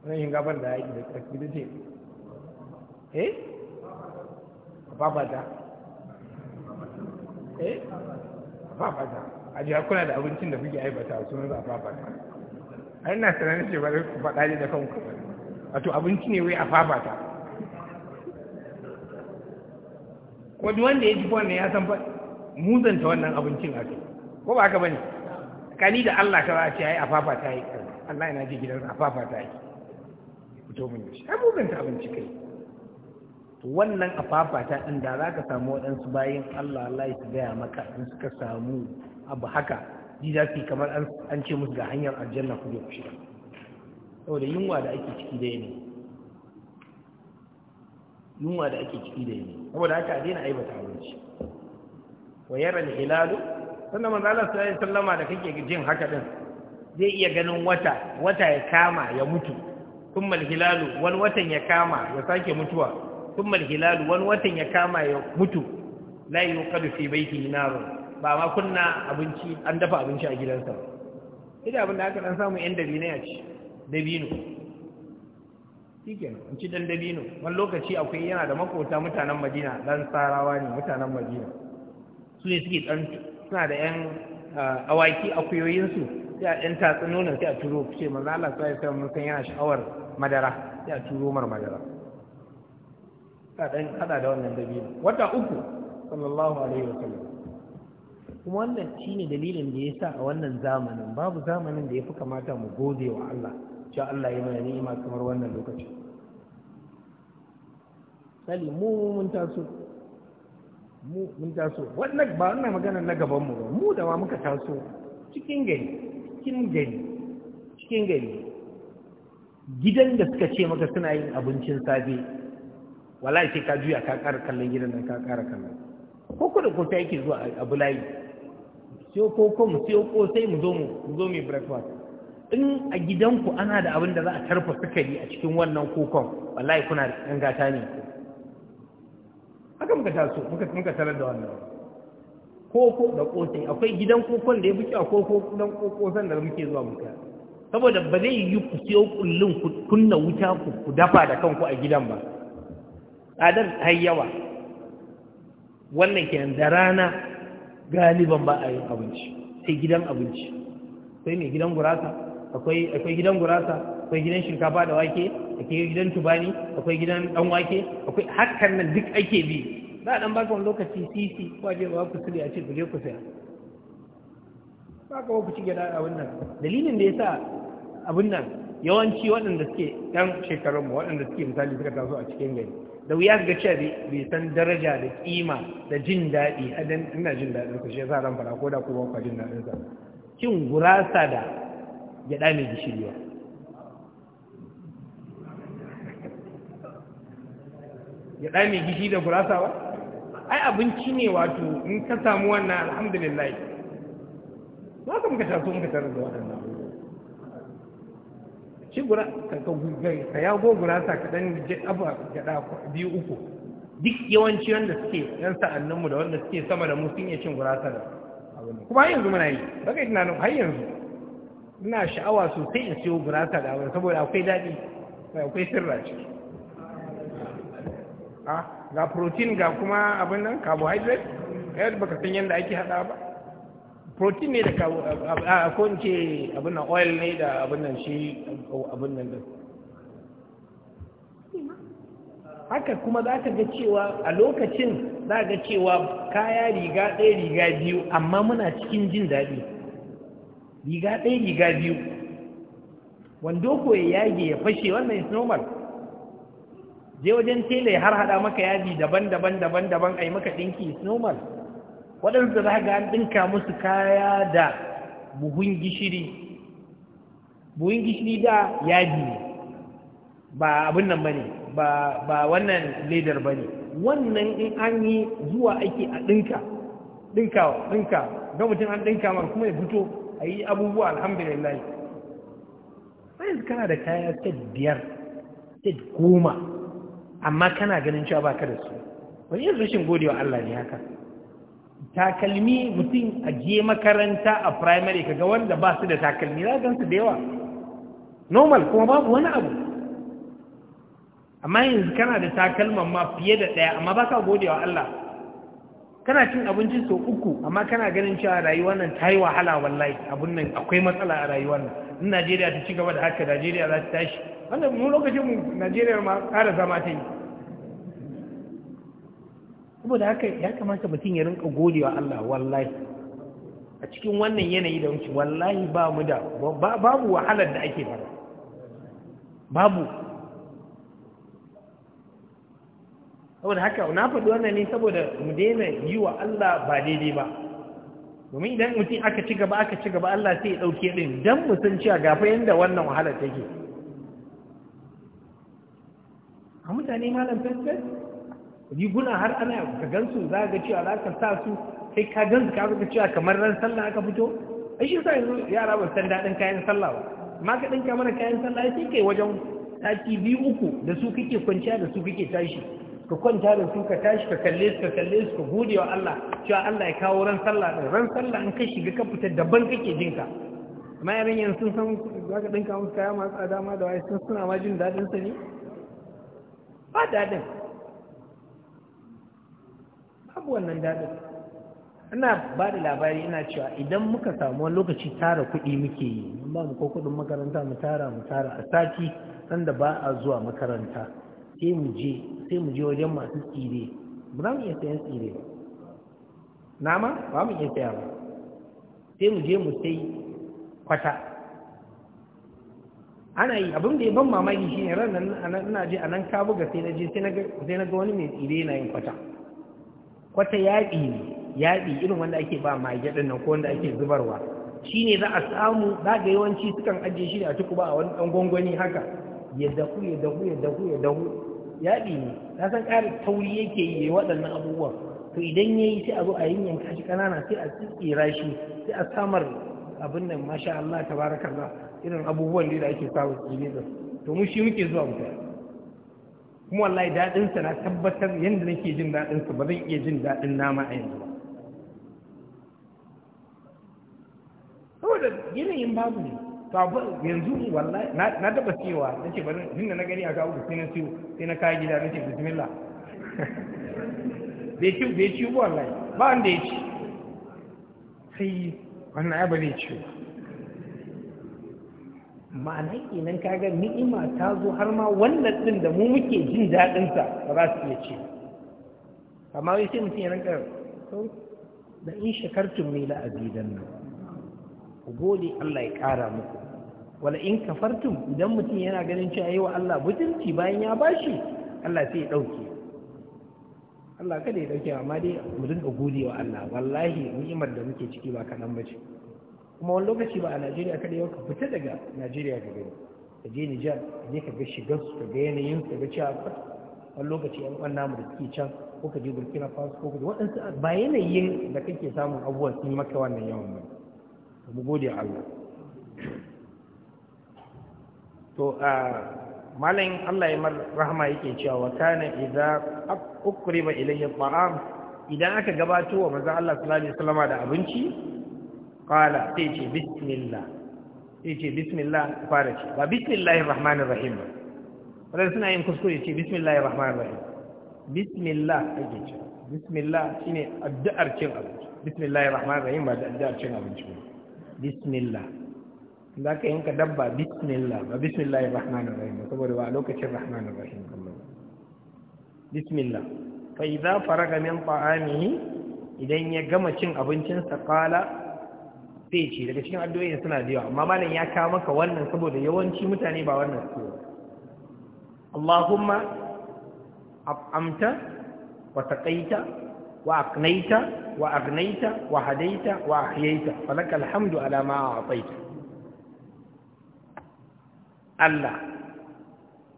wannan shinkafar da yake da tsaki da ce eh babata eh babata a ji kuna da abincin da kuke aibata sunan za a babata ai na sanar ce ba da faɗa ne da kanku ba wato abinci ne wai a fafata wadda wanda ya ji wannan ya san muzanta wannan abincin a kai ko ba ka bane kani da Allah ka za a ce ya yi a fafata yi Allah yana ji gidan a fafata yi fito mun yi ai muzanta abinci kai wannan a fafata din da za ka samu waɗansu bayan Allah Allah ya gaya maka in suka samu abu haka ji za su yi kamar an ce musu ga hanyar aljanna ku je ku shiga saboda yunwa da ake ciki da yini yunwa da ake ciki da yini saboda haka a daina aibata abinci wa yara da hilalu sannan manzo Allah sallallahu alaihi wasallam da kake jin haka din zai iya ganin wata wata ya kama ya mutu kuma hilalu wani watan ya kama ya sake mutuwa kuma hilalu wani watan ya kama ya mutu la yuqadu fi baitihi nar ba ma kunna abinci an dafa abinci a gidansa ba sai abin da aka dan samu yan dalilai a ci dabino shi ke in ci ɗan dabino wani lokaci akwai yana da makota mutanen madina ɗan tsarawa ne mutanen madina su ne suke ɗan suna da ƴan ah, awaki akuyoyinsu sai a ɗan tatsi nonon sai a turo ce manzo Allah sai ya mun san yana sha'awar madara sai a turo mar madara ka ɗan haɗa da wannan dabino wata uku sallallahu alaihi wa sallam kuma wannan shine dalilin da ya sa a wannan zamanin babu zamanin da ya fi kamata mu gode wa Allah cewa Allah ya mana ni'ima kamar wannan lokacin sali mu mun taso mu mun taso wannan ba wannan magana na gaban mu ba mu da ma muka taso cikin gari cikin gari cikin gari gidan da suka ce maka suna yin abincin safe wallahi sai ka juya ka ƙara kallon gidan nan ka ƙara kallon ko da ko ta yake zuwa abu layi sai ko ko mu sai ko sai mu zo mu zo mu breakfast in a gidanku ana da abin da za a tarfa sukari a cikin wannan kokon wallahi kuna da ɗan gata ne haka muka taso muka tarar da wannan koko da kosai akwai gidan kokon da ya buke a koko dan kokosan da muke zuwa muka saboda ba zai yi ku siyo kullun ku kunna wuta ku ku dafa da kanku a gidan ba tsadar har yawa wannan kenan da rana galiban ba a yin abinci sai gidan abinci sai mai gidan gurasa akwai akwai gidan gurasa akwai gidan shinkafa da wake akwai gidan tubani akwai gidan dan wake akwai hakan nan duk ake bi za a dan baka wani lokaci sisi ko je ba ku tsiri a ce ku je ku saya ba ka ku ci gida a wannan dalilin da yasa abun nan yawanci waɗanda suke ɗan shekarun mu waɗanda suke misali suka taso a cikin gari da wuya ga cewa bai san daraja da kima da jin daɗi a ina jin daɗin ku shi yasa ran fara ko da kuma ku jin daɗin sa cin gurasa da gyaɗa mai gishiri ba gyaɗa mai gishiri da gurasa ba ai abinci ne wato in ka samu wannan alhamdulillah ba ka muka taso muka tarar da waɗannan shi gura ka yago gurasa kaɗan abuwa gyaɗa biyu uku duk yawanci wanda suke yan sa'anninmu da wanda suke sama da mu sun iya cin gurasa da kuma yanzu muna yi ba ka yi tunanin har yanzu ina sha'awa sosai in siyo gurasa da awon saboda akwai daɗi akwai sirra ciki ga protein ga kuma abin nan carbohydrate yadda baka san yadda ake haɗa ba protein ne da ko in ce abin nan oil ne da abin nan shi abin nan din haka kuma za ka ga cewa a lokacin za ga cewa kaya riga ɗaya riga biyu amma muna cikin jin daɗi riga ɗaya riga biyu wando ko ya yage ya fashe wannan is normal je wajen tela har hada maka yadi daban-daban daban-daban ai maka dinki is normal waɗanda za ga an dinka musu kaya da buhun gishiri buhun gishiri da yaji ne ba abin nan bane ba ba wannan ledar bane wannan in an yi zuwa ake a dinka dinka dinka ga mutum an dinka mar kuma ya fito a yi abubuwa alhamdulillah sai kana da kaya ta biyar ta goma amma kana ganin cewa baka da su wani yin rashin wa Allah ne haka takalmi mutum a je makaranta a primary kaga wanda ba su da takalmi za gan su da yawa normal kuma babu wani abu amma yanzu kana da takalman ma fiye da ɗaya amma baka godewa Allah kana cin abinci sau uku amma kana ganin cewa rayuwar nan ta yi wahala wallahi abun nan akwai matsala a rayuwar nan in najeriya ta ci gaba da haka najeriya za ta tashi wanda mu lokacin mu najeriya ma ƙara zama ta yi saboda haka ya kamata mutum ya rinka godewa allah wallahi a cikin wannan yanayi da wuce wallahi ba mu da babu wahalar da ake fara babu saboda haka na faɗi wannan ne saboda mu daina yi wa Allah ba daidai ba domin idan mutum aka ci gaba aka ci gaba Allah sai ya ɗauke ɗin don mu san cewa gafa yadda wannan wahalar take a mutane malam fesfes riguna har ana ka gansu za ga cewa za ka sa su sai ka gansu ka ga cewa kamar ran sallah aka fito a shi sa yanzu yara ba san daɗin kayan sallah ba ma ka ɗinka mana kayan sallah sai kai wajen sati biyu uku da su kake kwanciya da su kake tashi ka kwanta da su ka tashi ka kalle su ka kalle su ka gode wa Allah cewa Allah ya kawo ran sallah din ran sallah in ka shiga ka fita daban kake jin ka amma yaran yanzu sun san za ka dinka musu kaya masu tsada ma da waye sun suna ma jin daɗin sa ne ba daɗin babu wannan daɗin ina ba da labari ina cewa idan muka samu wani lokaci tara kuɗi muke yi ba mu ko kuɗin makaranta mu tara mu tara a sati sanda ba a zuwa makaranta sai mu je sai mu je wajen masu tsire ba za mu iya sayan tsire ba nama ba mu iya saya ba sai mu je mu sai kwata ana yi abin da ya ban mamaki shi ne ranar ina je a nan ga sai na je sai na ga wani mai tsire na yin kwata kwata yaƙi ne yaƙi irin wanda ake ba mage ɗin nan ko wanda ake zubarwa shi ne za a samu za ga yawanci sukan ajiye shi ne a tukuba a wani ɗan gwangwani haka ya dahu ya dahu ya dahu ya dahu yaɗi ne na san ƙari tauri yake yi waɗannan abubuwan to idan ya yi sai a zo a yanka shi ƙanana sai a tsira shi sai a samar abin nan masha Allah ta baraka Allah irin abubuwan da ake samu su to mu shi muke zuwa mu kuma wallahi daɗin na tabbatar yadda nake jin daɗin sa ba zan iya jin daɗin nama a yanzu ba saboda yanayin babu ne to yanzu wallahi na taba cewa na ce bari tun da na gani a kawo sai na siyo sai na kawo gida na ce bismillah bai ciwo bai ciwo wallahi ba da ya ci sai wannan ya ba zai ciwo ma'ana kenan kaga ni'ima ta zo har ma wannan din da mu muke jin daɗin sa ba za su iya ci amma wai sai mutum ya ranka da in shakartun mai la azidan nan ku gode Allah ya ƙara muku wala in kafartum idan mutum yana ganin cewa yi wa Allah mutunci bayan ya bashi Allah sai ya dauke Allah kada ya dauke amma dai mu dinga gode wa Allah wallahi ni'imar da muke ciki ba kaɗan ba ce kuma wani lokaci ba a Najeriya kada yau ka fita daga Najeriya ga gani ka je Nijar ka je ka ga shigar ka ga yanayin ka ga cewa wani lokaci an uwan namu da suke can ko ka je Burkina Faso ko ka je waɗansu ba yanayin da kake samun abubuwan sun yi maka wannan yawan ba mu gode wa Allah to a malayin Allah ya mar rahama yake cewa wa kana idza ukriba ilayya ta'am idan aka gabato wa manzon Allah sallallahu alaihi wasallam da abinci qala sai ce bismillah sai ce bismillah fara ce ba bismillahir rahmanir rahim ba wannan suna yin kuskure ce bismillahir rahmanir rahim bismillah ake ce bismillah shine addu'ar cin abinci bismillahir rahmanir rahim ba da addu'ar cin abinci ba bismillah za ka yanka dabba bismillah ba bismillah rahman rahim saboda ba a lokacin rahman rahim bismillah fa idza faraga min ta'amihi idan ya gama cin sa qala sai ce daga cikin addu'o'in suna da yawa amma malam ya kawo maka wannan saboda yawanci mutane ba wannan su Allahumma amta wa taqaita wa hadaita wa ahyaita falakal hamdu ala ma a'taita Allah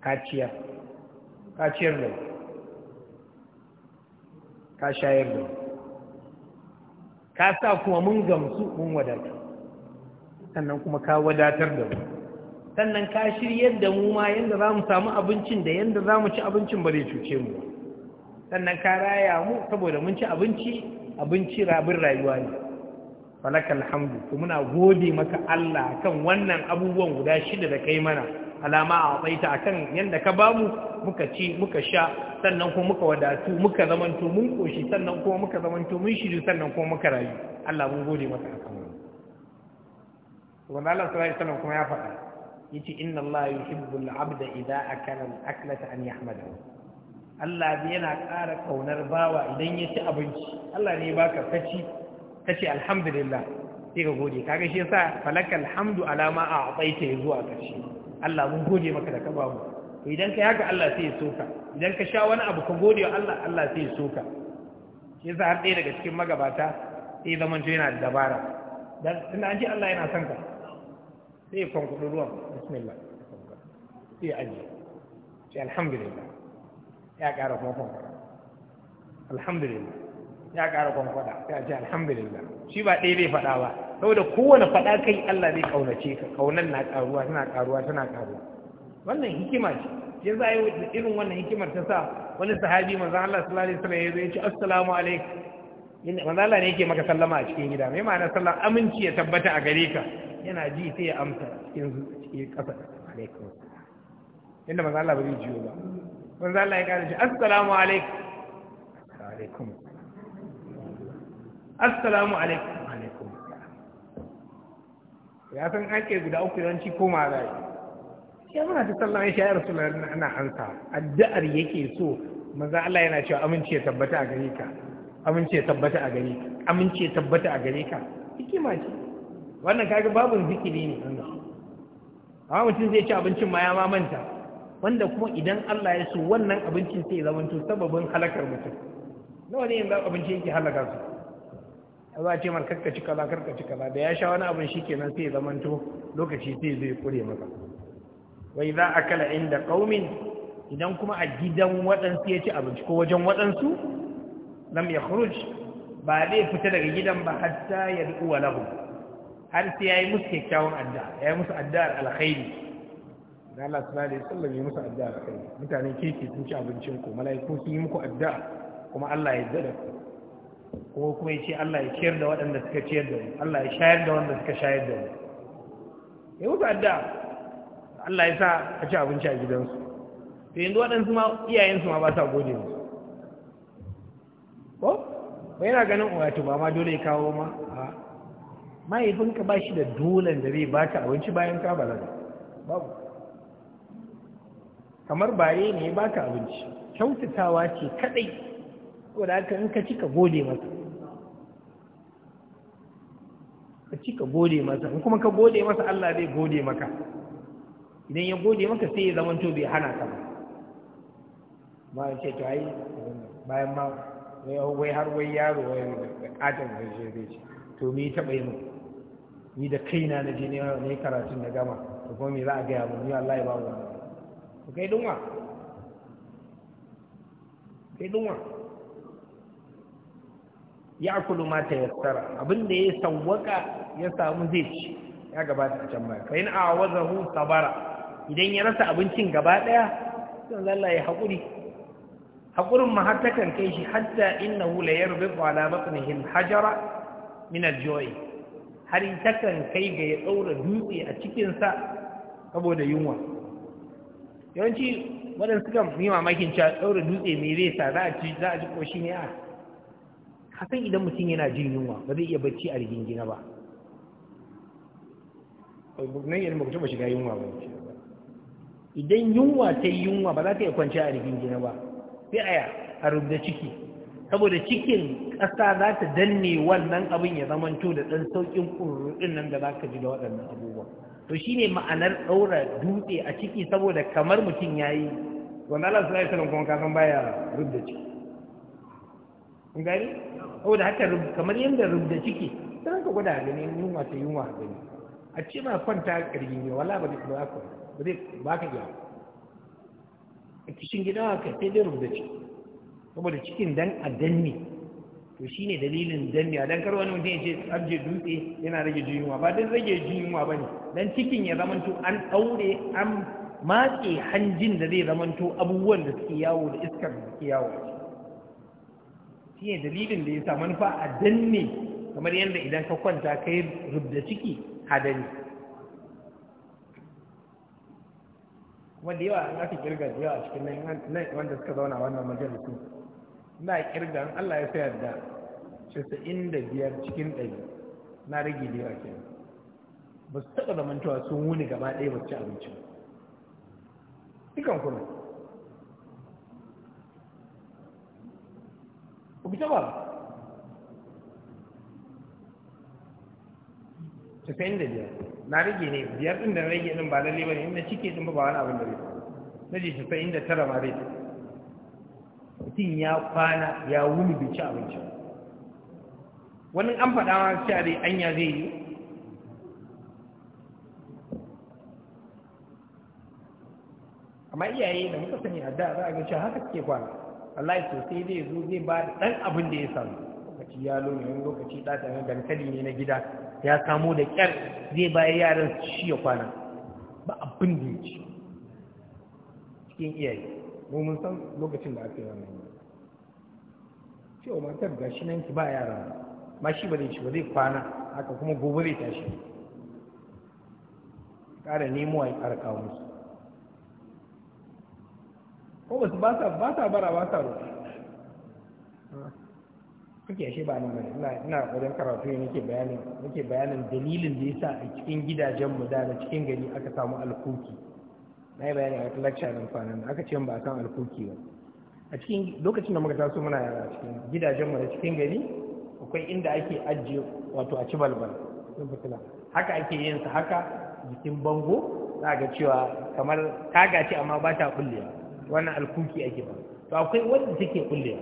kaciyar kaciyar da ka shayar da ka sa kuma mun gamsu mun wadatar sannan kuma ka wadatar da mu sannan ka shiryar da mu ma yadda za mu samu abincin da yadda za mu ci abincin ba zai cuce mu sannan ka raya mu saboda mun ci abinci abinci rabin rayuwa ne falakal alhamdu, to muna gode maka Allah kan wannan abubuwan guda shida da kai mana alama a tsaita akan yanda ka bamu muka ci muka sha sannan kuma muka wadatu muka zamanto mun koshi sannan kuma muka zamanto mun shiru sannan kuma muka rayu Allah mun gode maka akan wannan wanda Allah sallallahu alaihi wasallam kuma ya faɗa yace inna Allah yuhibbu al-'abda idha akala al-aklata an yahmadahu Allah yana ƙara kaunar bawa idan ya ci abinci Allah ne baka faci ta ce alhamdulillah sai ka gode kaga shi sa falaka alhamdu alama a abaita ya zuwa ƙarshe Allah mun gode maka da ka ba mu idan ka haka Allah sai ya soka idan ka sha wani abu ka gode wa Allah Allah sai ya soka shi yasa har ɗaya daga cikin magabata sai zaman to yana da dabara dan tunda an ce Allah yana son ka sai ya kwankwado ruwan bismillah sai ya aje sai alhamdulillah ya ƙara kuma kwankwado alhamdulillah ya ƙara kwankwada ya ce alhamdulillah shi ba ɗaya zai faɗa ba saboda kowane faɗa kai Allah zai ƙaunace ka ƙaunar na ƙaruwa tana ƙaruwa tana ƙaruwa wannan hikima ce ya za a yi irin wannan hikimar ta sa wani sahabi manzan Allah sallallahu alaihi wasallam ya ya ce assalamu alaikum manzan Allah ne yake maka sallama a cikin gida mai ma'ana sallah aminci ya tabbata a gare ka yana ji sai ya amsa cikin cikin ƙasa alaikum inda manzan Allah ba zai jiyo ba manzan Allah ya ƙara ce assalamu alaikum alaikum assalamu alaikum alaikum ya san an ke guda uku yawanci koma zai ya muna ta sallan ya shayar su na ansa addu'ar yake so maza Allah yana cewa amince ya tabbata a gare ka amince ya tabbata a gare ka amince ya tabbata a gare ka hikima ce wannan kaga babun zikiri ne wannan amma mutum zai ci abincin ma ya ma manta wanda kuma idan Allah ya so wannan abincin sai ya zamanto sababin halakar mutum nawa ne yanzu abinci yake halaka su za a ce mar karka ci kaza karka ci kaza da ya sha wani abin shikenan sai zamanto lokaci sai zai kure masa wai za a kala inda qaumin idan kuma a gidan waɗansu ya ci abinci ko wajen waɗansu lam ya khuruj ba zai fita daga gidan ba hatta ya du'u wa lahu har sai yayi musu kyakkyawan addu'a yayi musu addu'ar alkhairi da Allah subhanahu alaihi wasallam ya musu addu'ar alkhairi mutanen kirki sun ci abincin ku mala'iku sun yi muku addu'a kuma Allah ya yarda da ku kuma kuma ya ce Allah ya ciyar da waɗanda suka ciyar da mu Allah ya shayar da wanda suka shayar da mu ya wuce adda Allah ya sa a ci abinci a gidansu to yanzu waɗansu ma iyayensu ma ba sa gode musu ko ba yana ganin wato ba ma dole ya kawo ma a mahaifinka ba shi da dolan da zai baka abinci bayan ka balaga babu kamar bare ne ya baka abinci kyautatawa ce kadai ko da haka in ka ci ka gode masa ka ci ka gode masa in kuma ka gode masa Allah zai gode maka idan ya gode maka sai ya zama to bai hana ka ba ma ce to ai bayan ma wai har wai yaro wai katon da shi zai ce to me taɓa yi mu ni da kaina na je ne karatun da gama to kuma me za a gaya mu ni Allah ya ba mu to kai dunwa kai dunwa ya kulu ma ta yassara abin da ya sawwaka ya samu zai ci ya gabata a can baya fa in awazahu sabara idan ya rasa abincin gaba daya sai Allah ya hakuri hakurin ma har takan kai shi hatta innahu la yarbitu ala batnihi hajara min al-ju'i har takan kai ga ya daura dutse a cikinsa, sa saboda yunwa yawanci waɗanda suka yi mamakin cewa daura dutse mai zai sa za a ci za a ji ƙoshi ne a kasan idan mutum yana jin yunwa ba zai iya bacci a rigingina ba nan yana ba taba shiga yunwa ba idan yunwa ta yi yunwa ba za ta iya kwanci a rigingina ba sai aya a rubda ciki saboda cikin ƙasa za ta danne wannan abin ya to da ɗan sauƙin ƙurruɗin nan da za ka ji da waɗannan abubuwa to shi ne ma'anar ɗaura dutse a ciki saboda kamar mutum ya yi wanda Allah su zai sanin kuma kasan baya rubda ciki. saboda haka kamar yadda rubda ciki sai ka gwada gani yunwa ta yunwa gani a ce ma kwanta kirgi ne wala ba zai ba ba zai ba ka gina a cikin gida ka sai dai rubda ciki saboda cikin dan a danne to shine dalilin danne a dan kar wani mutum ya ce tsabje dutse yana rage juyunwa ba dan rage juyunwa ba ne dan cikin ya zamanto an ɗaure an matse hanjin da zai zamanto abubuwan da suke yawo da iskar da suke yawo a ciki shi ne dalilin da ya sa manufa a danne kamar yadda idan ka kwanta ka yi rubda ciki hadari kuma da yawa an aka kirga da yawa cikin nan wanda suka zauna wannan majalisu na kirga an Allah ya sayar da casa'in da biyar cikin ɗari na rage da yawa ba su taɓa zamantawa sun wuni gaba ɗaya ba abinci ba dukan kuma ku fita ba tafayin da biyar na rage ne biyar ɗin da na rage ɗin ba lalle ba ne inda cike ɗin ba wani abin da zai na ji tafayin da tara ma zai mutum ya kwana ya wuni bai ci abinci wani an faɗa ma cewa dai anya zai yi amma iyaye da muka sani a da za a ga cewa haka ke kwana Allah ya sosai zai zo zai ba da ɗan abin da ya samu lokaci ya ne wani lokaci ta ne dankali ne na gida ya samu da ƙyar zai ba yaran su shi ya kwana ba abin da ya ci cikin iyaye mu mun san lokacin da aka yi wannan cewa matar ga shi nan ki ba yaran ma shi ba zai ci ba zai kwana haka kuma gobe zai tashi ƙara nemo a yi ƙara kawo musu ko ba su ba sa ba sa bara ba sa roƙa kake shi ba nan ina ina wajen karatu ne nake bayanin nake bayanin dalilin da yasa a cikin gidajen mu da na cikin gari aka samu alkuki na yi bayani a lecture din kwanan aka ce ba san alkuki ba a cikin lokacin da muka taso muna yara cikin gidajen mu da cikin gari akwai inda ake ajiye wato a ci balbal haka ake yin sa haka jikin bango za ga cewa kamar ta ce amma ba ta kullewa wannan alkuki ake ba to akwai wanda take kulle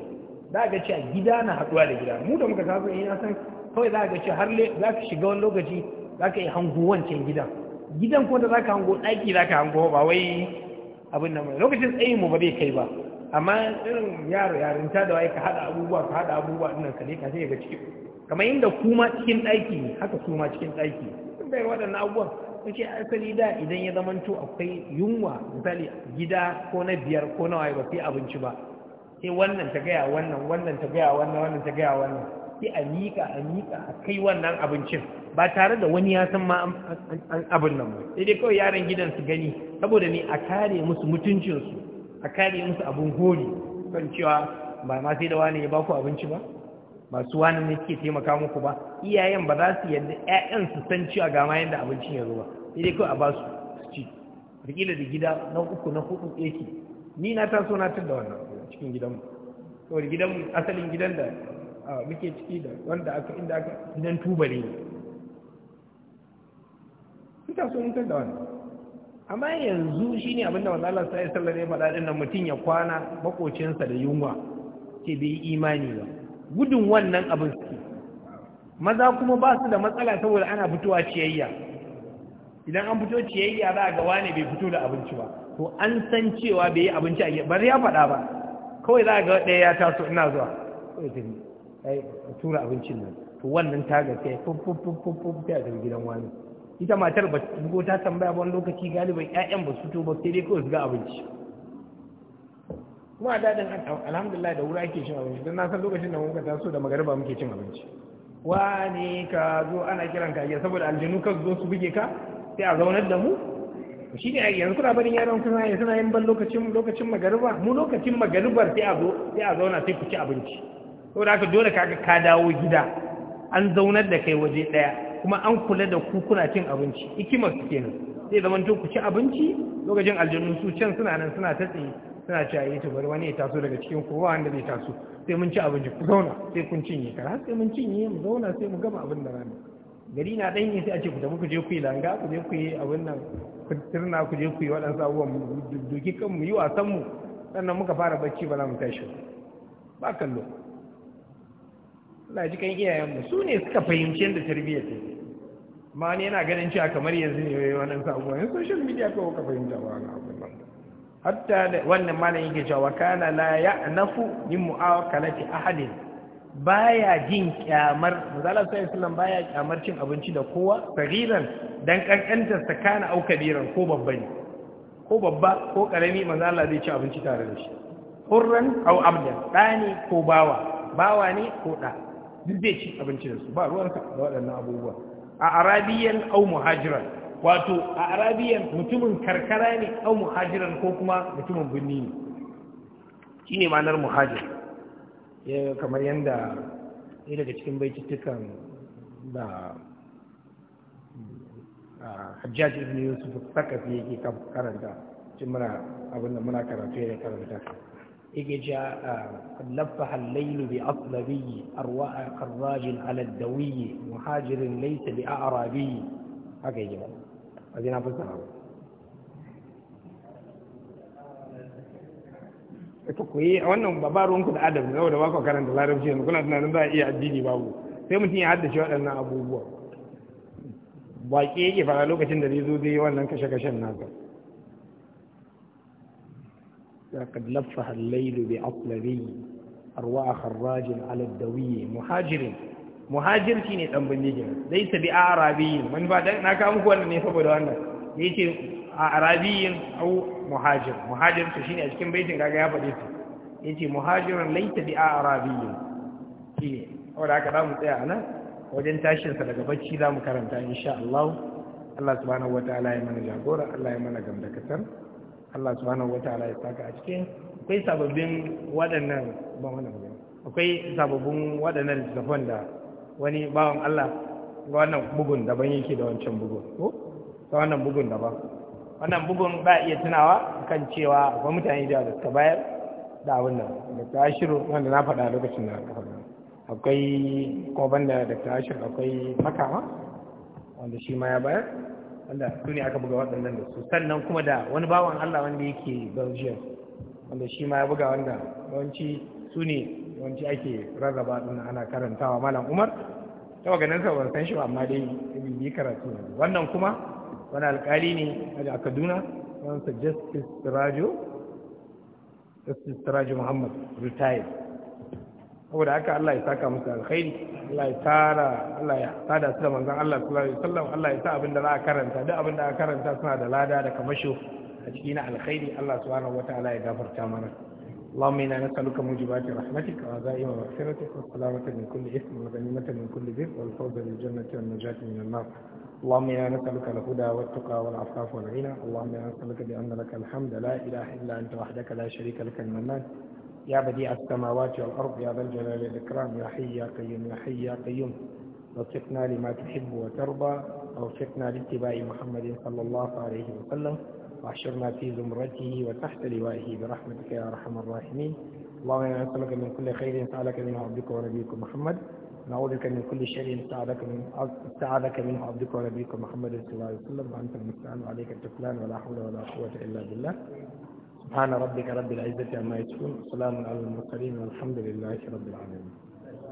za ga cewa gida na haɗuwa da gida mu da muka taso in eh, na san kawai za ga cewa har le za ka shiga wani lokaci za ka yi hango wancan gidan gidan ko da za ka hango ɗaki za ka hango ba wai abin nan lokacin tsayin mu ba zai kai ba amma irin yaro yarinta da wai ka haɗa abubuwa ka haɗa abubuwa ɗinnan ka ne ka sai ga ciki kamar inda kuma cikin ɗaki haka kuma cikin ɗaki sun bai waɗannan abubuwan kuke asali da idan ya zamanto akwai yunwa misali gida ko na biyar ko na waye ba sai abinci ba sai wannan ta gaya wannan wannan ta gaya wannan wannan ta gaya wannan sai a miƙa a miƙa a kai wannan abincin ba tare da wani ya san ma abin nan ba sai dai kawai yaran gidan su gani saboda ne a kare musu mutuncinsu a kare musu abin hori kan cewa ba ma sai da wani ya ba ku abinci ba masu wani ne ke taimaka muku ba iyayen ba za su yadda 'ya'yan su san cewa ga ma yadda abincin ya zo ba sai dai kawai a ba su su ci rikila da gida na uku na hudu yake ni na taso na tun da wannan cikin gidanmu saboda gidanmu asalin gidan da muke ciki da wanda aka inda aka gidan tubare ne sun taso mun tun da wannan amma yanzu shine abinda wanda Allah sallallahu alaihi wasallam ya faɗa din nan ya kwana makocinsa da yunwa Ke bai imani ba gudun wannan abin suke maza kuma ba su da matsala saboda ana fitowa ciyayya idan an fito ciyayya za a ga wane bai fito da abinci ba to an san cewa bai yi abinci a bari ya faɗa ba kawai za a ga ɗaya ya taso ina zuwa tura abincin nan to wannan ga sai fufufufufuf ta daga gidan wani ita matar ba ta tambaya ba wani lokaci galibin 'ya'yan ba su to ba sai dai kawai su ga abinci kuma a daɗin alhamdulillah da wuri ake cin abinci don na san lokacin da muka taso da magariba muke cin abinci wani ka zo ana kiran ka saboda aljanu ka zo su buge ka sai a zaunar da mu shi ne yanzu kuna barin yaron kuna yin suna yin ban lokacin lokacin magariba mu lokacin magaribar sai a zo sai a zauna sai ku ci abinci saboda haka dole kaga ka dawo gida an zaunar da kai waje daya kuma an kula da ku kuna cin abinci hikimar su kenan sai zaman to ku ci abinci lokacin aljinu su can suna nan suna ta tsaye suna ce a yi bari wani ya taso daga cikin kowa wanda zai taso sai mun ci abinci ku zauna sai kun cinye har sai mun cinye mu zauna sai mu gama abin da rana gari na ɗan sai a ce ku tafi ku je ku yi langa ku je ku yi abin nan ku turna ku je ku yi waɗansu abubuwan mu doki kan mu yi wasan mu sannan muka fara bacci ba za mu tashi ba kallo Allah ji kan iyayenmu su ne suka fahimci yadda tarbiyya ta amma ne yana ganin cewa kamar yanzu ne wani abubuwan social media kawai ka fahimta ba wani abu ne hatta da wannan malam yake cewa kana la nafu min mu'awakalati ahadin baya jin kyamar manzala sai sallam baya kyamar cin abinci da kowa sagiran dan kankanta sa kana au kabiran ko babba ne ko babba ko karami manzala zai ci abinci tare da shi hurran au abdan dani ko bawa bawa ne ko da duk zai ci abinci da su ba ka da waɗannan abubuwa a arabiyan au muhajiran wato a arabiyan mutumin karkara ne au muhajiran ko kuma mutumin birni ne shi ne ma'anar muhajir kamar yadda ya daga cikin baitittukan da hajjaj ibn yusuf sakafi yake karanta cin muna abinda muna karatu ya karanta yake ja labba hallailu bi aslabi arwa'a karrajin aladdawi muhajirin laisa bi a'arabi haka yake الذين أظهروا تقوي وانهم ببارون كذا أدب لو ده واقع كان دلار بجيم كنا نحن ده إيه أديني بابو في متى هذا شو أنا أبو بوا باقي إيه فعلوا كشين دريزو دي وانهم كشا كشين ناقة لقد لفح الليل بأطلبي أرواح الراجل على الدوي محاجرين muhajirci ne dan bindigin dai ta a arabiyin wani ba na kawo muku wannan ne saboda wannan da ce a arabiyin au muhajir muhajir shi ne a cikin baitin kaga ya faɗe su yace muhajiran laita bi a arabiyin shine wanda aka damu tsaya a nan wajen tashinsa daga bacci zamu karanta insha Allah Allah subhanahu wataala ya mana jagora Allah ya mana gamdakatar Allah subhanahu wataala ya saka a cikin akwai sababbin waɗannan ba wannan akwai sababbin waɗannan littafan da wani bawan Allah ga wannan bugun daban yake da wancan bugun ko ga wannan bugun daban wannan bugun ba iya tunawa kan cewa ba mutane da suka bayar da abin nan da ta shiru wanda na faɗa lokacin da aka faɗa akwai ko banda da ta shiru akwai makama wanda shi ma ya bayar wanda su ne aka buga waɗannan da su sannan kuma da wani bawan Allah wanda yake Belgium wanda shi ma ya buga wanda yawanci su ne yawanci ake rarraba din ana karantawa malam umar ta ganin sa ban san shi ba, amma dai bi karatu wannan kuma wani alkali ne a kaduna wani sa justice Rajo, justice sirajo muhammad retired saboda haka allah ya saka musu alkhairi allah ya tara allah ya tada su da manzon allah sallallahu alaihi wasallam allah ya sa abin da za a karanta duk abin da aka karanta suna da lada da kamasho a cikin alkhairi allah subhanahu wataala ya gafarta mana اللهم إنا نسألك موجبات رحمتك وعزائم مغفرتك والسلامة من كل إثم وغنيمة من كل بر والفوز بالجنة والنجاة من النار اللهم إنا نسألك الهدى والتقى والعفاف والغنى اللهم إنا نسألك بأن لك الحمد لا إله إلا أنت وحدك لا شريك لك المنان يا بديع السماوات والأرض يا ذا الجلال والإكرام يا حي يا قيوم يا حي يا قيوم وفقنا لما تحب وترضى ووفقنا لاتباع محمد صلى الله عليه وسلم واحشرنا في زمرته وتحت لوائه برحمتك يا أرحم الراحمين اللهم إنا نسألك من كل خير سألك منه عبدك ونبيك محمد نعوذ بك من كل شر استعاذك من استعاذك منه عبدك ونبيك محمد صلى الله عليه وسلم وأنت المستعان وعليك التكلان ولا حول ولا قوة إلا بالله سبحان ربك رب العزة عما يصفون وسلام على المرسلين والحمد لله رب العالمين